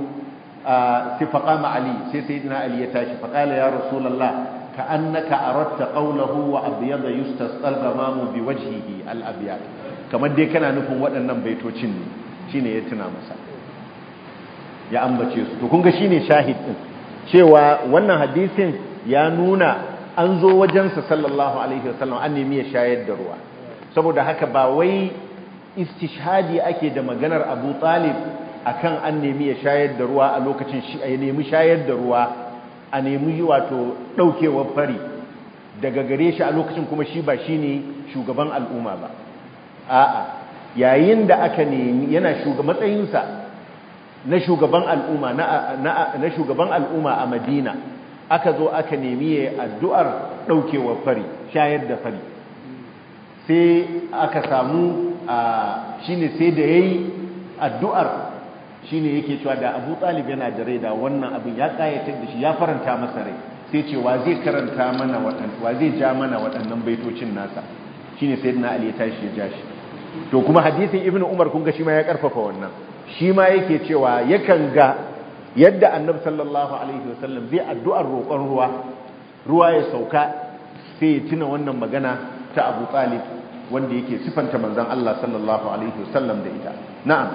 sai faƙama ali sai sayyidina ali ya tashi faqala ya rasulullah كأنك أردت قوله وأبيض يستسقى الغمام بوجهه الأبيض kamar dai kana nufin waɗannan baitocin ne shine ya tuna masa ya ambace su to kun ga shine shahid din cewa wannan hadisin ya nuna an zo wajensa sallallahu alaihi wasallam an nemi ya shayar da ruwa saboda haka ba wai istishhadi ake da maganar Abu Talib akan an nemi ya shayar da ruwa a lokacin shi a nemi shayar da ruwa a nemi wato daukewar fari daga gare shi a lokacin kuma shi ba shine shugaban al'umma ba a'a yayin da aka nemi yana matsayinsa na shugaban al'umma na shugaban al'umma a madina aka zo aka nemi ya addu'ar ɗaukewar fari shayar da fari sai aka samu a shine sai da yayi addu'ar shine yake cewa da abu talib yana da rai da wannan abin ya ƙayatar da shi ya faranta masa rai sai ce wa zai karanta mana wadannan wa zai ja mana waɗannan baitocin nasa shine sayyidina na ali ya tashi ya ja shi to kuma hadisin ibnu umar kun ga shi ma ya karfafa wannan shi ma yake cewa yakan ga yadda annabi sallallahu alaihi wasallam zai addu'ar roƙon ruwa ruwa ya sauka sai ya tuna wannan magana ta abu talib wanda yake sifanta manzon Allah sallallahu alaihi wasallam da ita na'am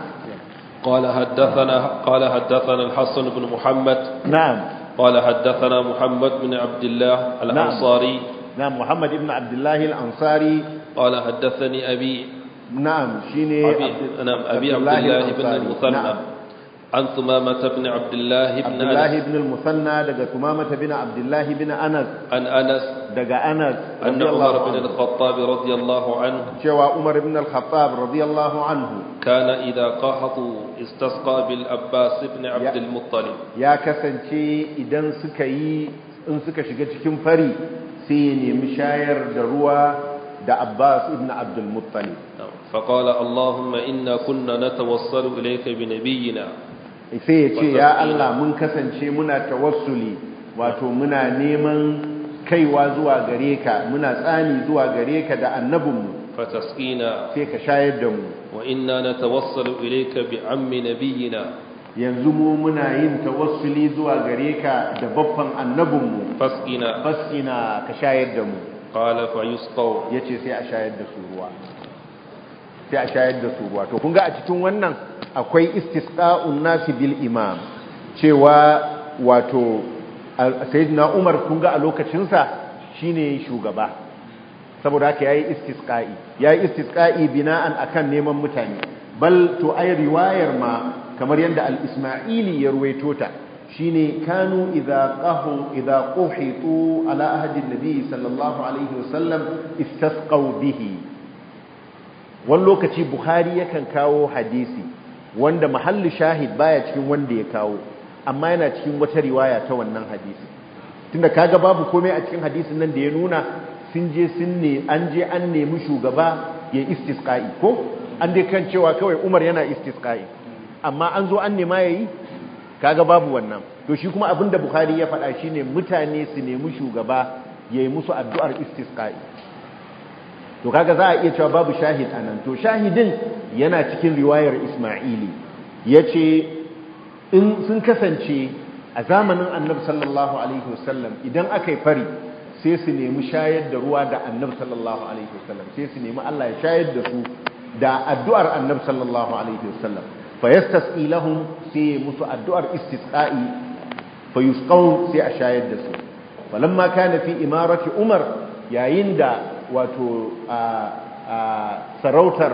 قال حدثنا قال حدثنا الحسن بن محمد نعم قال حدثنا محمد بن عبد الله الأنصاري نعم محمد بن عبد الله الأنصاري قال حدثني أبي نعم شيني أبي عبد الله بن المثنى عن ثمامة بن عبد الله بن عبد الله بن المثنى دقى ثمامة بن عبد الله بن أنس عن أنس دقى أنس أن عمر بن الخطاب رضي الله عنه شوى عمر بن الخطاب رضي الله عنه كان إذا قاحطوا استسقى بالأباس بن عبد المطلب يا كسنشي إذا سكي إن سكا شكا فري سيني مشاير دروا دا عباس بن عبد المطلب فقال اللهم إنا كنا نتوصل إليك بنبينا sai ya ce ya Allah mun kasance muna tawassuli wato muna neman kaiwa zuwa gare ka muna tsani zuwa gare ka da annabinmu fatasqina sai ka shayar da mu wa inna natawassalu ilayka bi ammi nabiyyina yanzu mu muna yin tawassuli zuwa gare ka da babban annabinmu fasqina fasqina ka shayar da mu qala fa yusqa yace sai a shayar da su ruwa sai a shayar da su wato kunga kun ga a cikin wannan akwai istisqa'un nasi bil imam cewa wato sayyidina Umar kun ga a lokacin sa shine shugaba saboda haka yayi istisqa'i yayi istisqa'i bina'an akan neman mutane bal to ay riwayar ma kamar yadda al-Isma'ili ya ruwaito ta shine kanu idza qahu idza quhitu ala ahdi an-nabi sallallahu alaihi wasallam istasqaw bihi wani lokaci buhari yakan kawo hadisi wanda mahallin shahid baya cikin wanda ya kawo amma yana cikin wata riwaya ta wannan hadisi tunda kaga babu komai a cikin hadisin nan da ya nuna sun je sun ne an je an nemi shugaba ya istisqa'i ko an dai kan cewa kawai Umar yana istisqa'i amma an zo an nema yayi kaga babu wannan to shi kuma abinda Bukhari ya faɗa shine mutane su nemi shugaba yayi musu addu'ar istisqa'i to kaga za a iya cewa babu shahid anan to shahidin yana cikin riwayar Isma'ili yace in sun kasance a zamanin Annabi sallallahu alaihi wasallam idan aka yi fari sai su nemi shayar da ruwa da Annabi sallallahu alaihi wasallam sai su nemi Allah ya shayar da su da addu'ar Annabi sallallahu alaihi wasallam fa yastasqi lahum sai musu addu'ar istisqa'i fa yusqaw sai a shayar da su falamma kana fi imarati Umar yayin da wato sarautar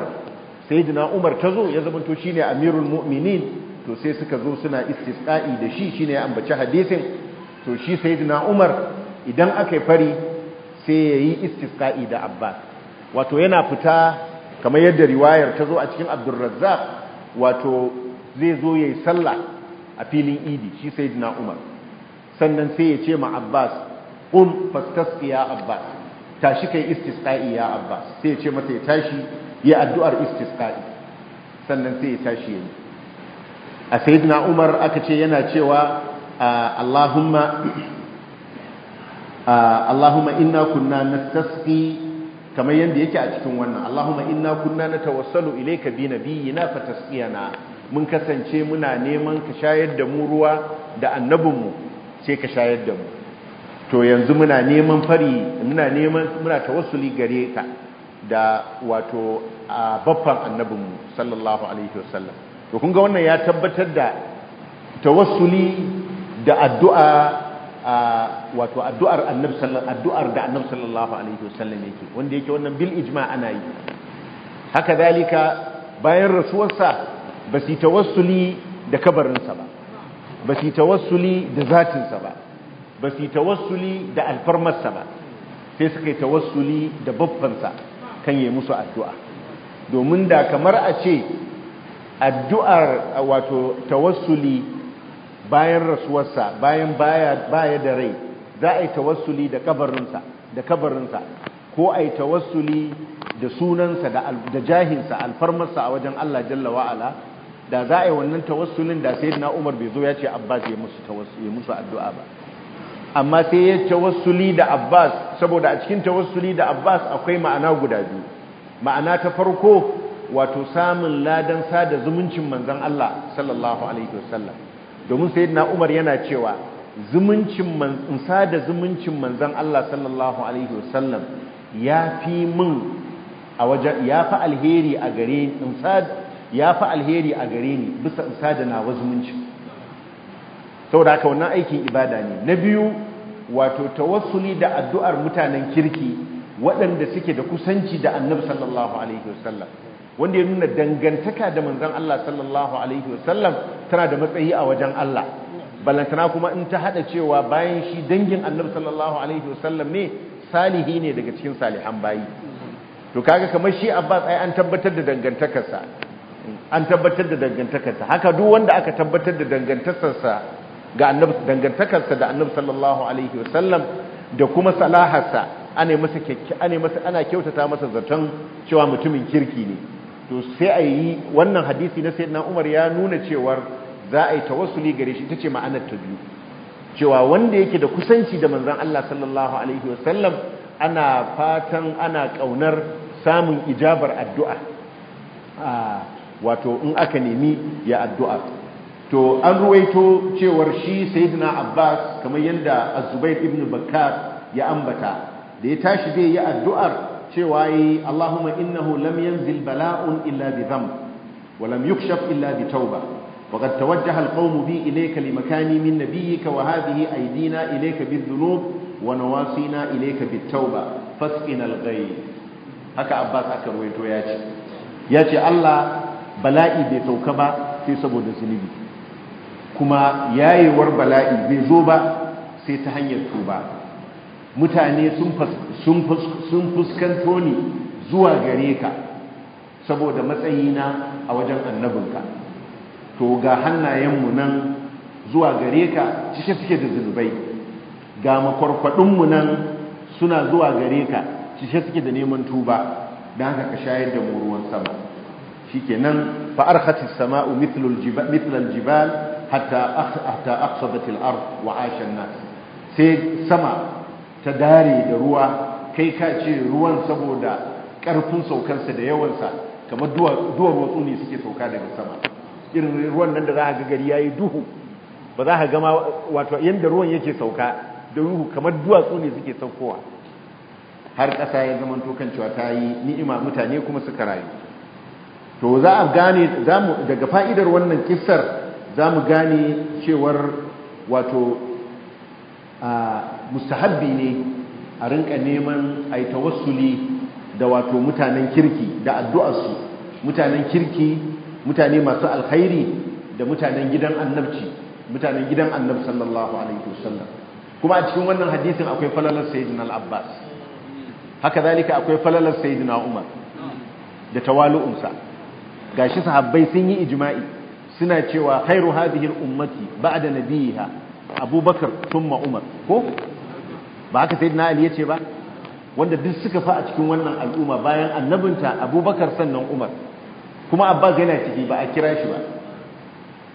sayyidina Umar tazo ya zama zamanto shine amirul mu'minin to sai suka zo suna istisqa'i da shi shine ya ambaci hadisin to shi sayyidina Umar idan aka fari sai yayi istisqa'i da Abbas wato yana fita kamar yadda riwayar ta zo a cikin Abdul wato zai zo yayi sallah a filin Idi shi sayyidina Umar sannan sai ya ce ma Abbas qum fastasqi Abbas tashi kai istisqa'i ya Abba sai ya ce mata ya tashi ya addu'ar istisqa'i sannan sai ya tashi yayi a sayyidina umar aka ce yana cewa allahumma allahumma inna kunna nastasqi kamar yadda yake a cikin wannan Allahumma inna kunna natawassalu ilayka bi nabiyyina fatasqiyana mun kasance muna neman ka shayar da mu ruwa da annabinmu sai ka shayar da mu to yanzu muna neman fari muna neman muna tawassuli gare ka da wato a baffan annabinmu sallallahu alaihi wasallam to kun ga wannan ya tabbatar da tawassuli da addu'a wato addu'ar annabi sallallahu addu'ar da annabi sallallahu alaihi wasallam yake wanda yake wannan bil ijma ana yi haka zalika bayan rasuwarsa ba su tawassuli da kabarinsa ba ba su tawassuli da zatinsa ba ba su yi tawassuli da alfarmarsa ba sai suka yi tawassuli da babbansa kan yi musu addu'a domin da kamar a ce addu'ar wato tawassuli bayan rasuwarsa bayan baya da rai za a yi tawassuli da kabarinsa da kabarinsa ko a yi tawassuli da sunansa da jahinsa alfarmarsa a wajen Allah jalla wa'ala da za a yi wannan tawassulin da sai na umar bai zo ya ce abbas ya musu addu'a ba amma sai ya tawassuli da Abbas saboda a cikin tawassuli da Abbas akwai ma'ana guda biyu ma'ana ta farko wato samun ladan sada zumuncin manzon Allah sallallahu alaihi wasallam domin sayyidina Umar yana cewa zumuncin man sada zumuncin manzon Allah sallallahu alaihi wasallam yafi min a waje yafi alheri a gare ni in yafi alheri a gare ni bisa sada na zumuncin saboda haka wannan aikin ibada ne na biyu wato tawassuli da addu'ar mutanen kirki waɗanda suke da kusanci da annabi sallallahu alaihi wasallam wanda ya nuna dangantaka da manzon Allah sallallahu alaihi wasallam tana da matsayi a wajen Allah ballantana kuma in ta hada cewa bayan shi dangin annabi sallallahu alaihi wasallam ne salihi ne daga cikin salihan bayi to kaga kamar shi Abbas ai an tabbatar da dangantakarsa an tabbatar da dangantakarsa haka duk wanda aka tabbatar da dangantakarsa ga annabi dangantakarsa da annabi sallallahu alaihi wasallam da kuma salaharsa ana masa ana masa ana kyautata masa zaton cewa mutumin kirki ne to sai a yi wannan hadisi na sayyidina Umar ya nuna cewar za a yi tawassuli gare shi tace ma'anar ta biyu cewa wanda yake da kusanci da manzon Allah sallallahu alaihi wasallam ana fatan ana kaunar samun ijabar addu'a ah, wato in aka nemi ya addu'a to an ruwaito cewar shi sayyidina abbas kamar yadda azubair ibn bakkar ya ambata da ya tashi zai yi addu'ar cewa Allahuma allahumma innahu lam yanzil bala'un illa bi dham wa lam yukshaf illa bi tauba wa qad tawajjaha alqawmu bi ilayka makani min nabiyyika wa hadhihi aydina ilayka bi dhunub wa nawasina ilayka bi tauba fasqina alghayb haka abbas aka ruwaito ya ce ya ce allah bala'i bai sauka ba sai saboda zunubi kuma yayewar bala'i bai zo ba sai ta hanyar tuba mutane sun fuskanto ni zuwa gare ka saboda matsayina a wajen annabinka to ga hannayenmu nan zuwa gare ka cike suke da zunubai ga makwarkwadinmu nan suna zuwa gare ka cike suke da neman tuba don haka ka shayar da mu ruwan sama nan, fa’ar hatis sama'u Mitlal jibal hatta hatta aqsabat al-ard wa an nas sai sama ta dare da ruwa kai ka ce ruwan saboda karfin saukansa da yawansa kamar duwa watsu ne suke sauka daga sama irin ruwan nan da za a ga gari yayi duhu ba za ka gama wato yadda ruwan yake sauka da ruhu kamar duwatsu ne suke saukowa har ƙasa ya zama kan cewa ta yi ni'ima mutane kuma suka rayu to za a gane daga fa'idar wannan kissar za mu gane cewar wato mustahabbi ne a rinka neman a yi tawassuli da wato mutanen kirki da addu'arsu mutanen kirki mutane masu alkhairi da mutanen gidan annabci mutanen gidan annab sallallahu alaihi wasallam kuma a cikin wannan hadisin akwai falalar sayyidina al-abbas haka zalika akwai falalar sayyidina umar da tawalu'unsa gashi sahabbai sun yi ijma'i suna cewa khairu hadhihi ummati ba'da nabiha abubakar thumma umar ko ba haka sayyidina ali yace ba wanda duk suka fa a cikin wannan al'umma bayan annabinta abubakar sannan umar kuma abbas yana ciki ba a kira shi ba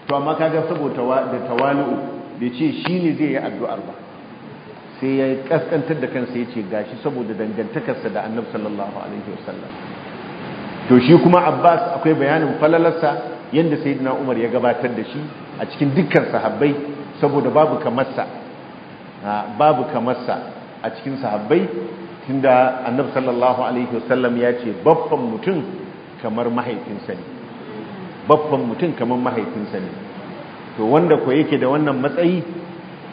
to amma kaga saboda da tawali'u da ce shi ne zai yi addu'ar ba sai ya kaskantar da kansa yace ce gashi saboda dangantakarsa da annabi sallallahu alaihi wasallam to shi kuma abbas akwai bayanin falalarsa yadda sayyidina umar ya gabatar da shi a cikin dukkan sahabbai saboda babu kamarsa ah, babu kamarsa a cikin sahabbai tunda annab sallallahu alaihi wasallam ya ce babban mutum kamar mahaifinsa ne babban mutum kamar mahaifinsa ne to wanda ko yake da wannan matsayi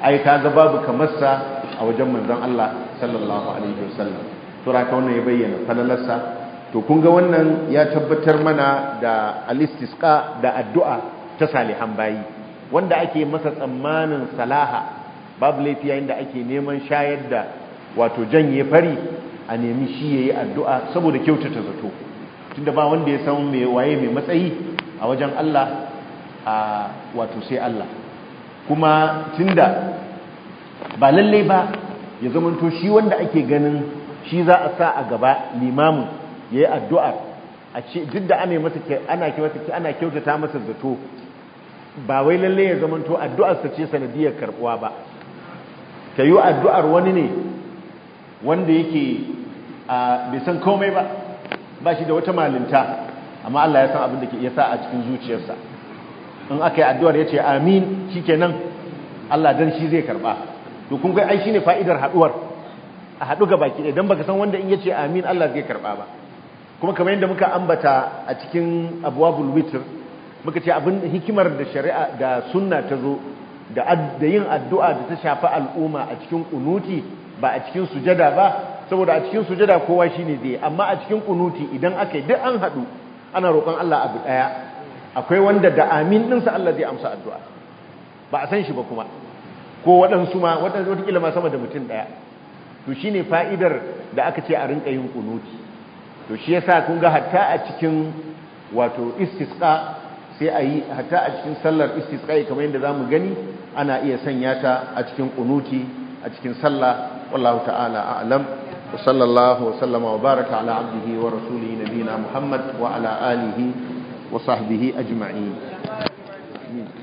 ai ga babu kamarsa a wajen manzon Allah sallallahu alaihi wasallam to raka wannan ya bayyana falalarsa to kun ga wannan ya tabbatar mana da alistisqa da addu'a ta salihan bayi wanda ake masa tsammanin salaha babu laifi yayin da ake neman shayar da wato janye fari a nemi shi yayi addu'a saboda kyautata zato tunda ba wanda ya san me waye mai matsayi a wajen Allah a wato sai Allah kuma tunda ba lallai ba ya zamanto shi wanda ake ganin shi za a sa a gaba limamin yi addu'ar a ce duk da ana kyautata masa zato ba wai lalle ya zamanto addu'ar sa ce sanadiyar karbuwa ba yi addu'ar wani ne wanda yake bai san komai ba ba shi da wata malinta amma Allah ya san abin da ke yasa a cikin zuciyarsa in aka yi addu'ar ya ce amin nan Allah don shi zai karba to kun kai ai ne fa'idar haɗuwar a haɗu ga baki ɗaya don baka san wanda in ya ce amin Allah zai karba ba kuma kamar yadda muka ambata a cikin abwabul witr muka ce abin hikimar da shari'a da sunna ta zo da yin addu'a da ta shafi al'umma a cikin kunuti ba a cikin sujada ba saboda a cikin sujada kowa shine zai amma a cikin kunuti idan aka yi duk an haɗu ana roƙon Allah abu ɗaya akwai wanda da amin ɗinsa Allah zai amsa addu'a ba a san shi ba kuma ko waɗansu ma waɗansu wata ma sama da mutum ɗaya to shine fa'idar da aka ce a rinka yin kunuti to shi yasa kun ga hatta a cikin wato istisqa sai a yi hatta a cikin sallar istisqa kamar yadda zamu gani ana iya sanya ta a cikin kunuti a cikin sallah wallahu ta'ala a'lam wa sallallahu wa sallama wa baraka ala abdihi wa rasulihi nabina muhammad wa ala alihi wa sahbihi ajma'in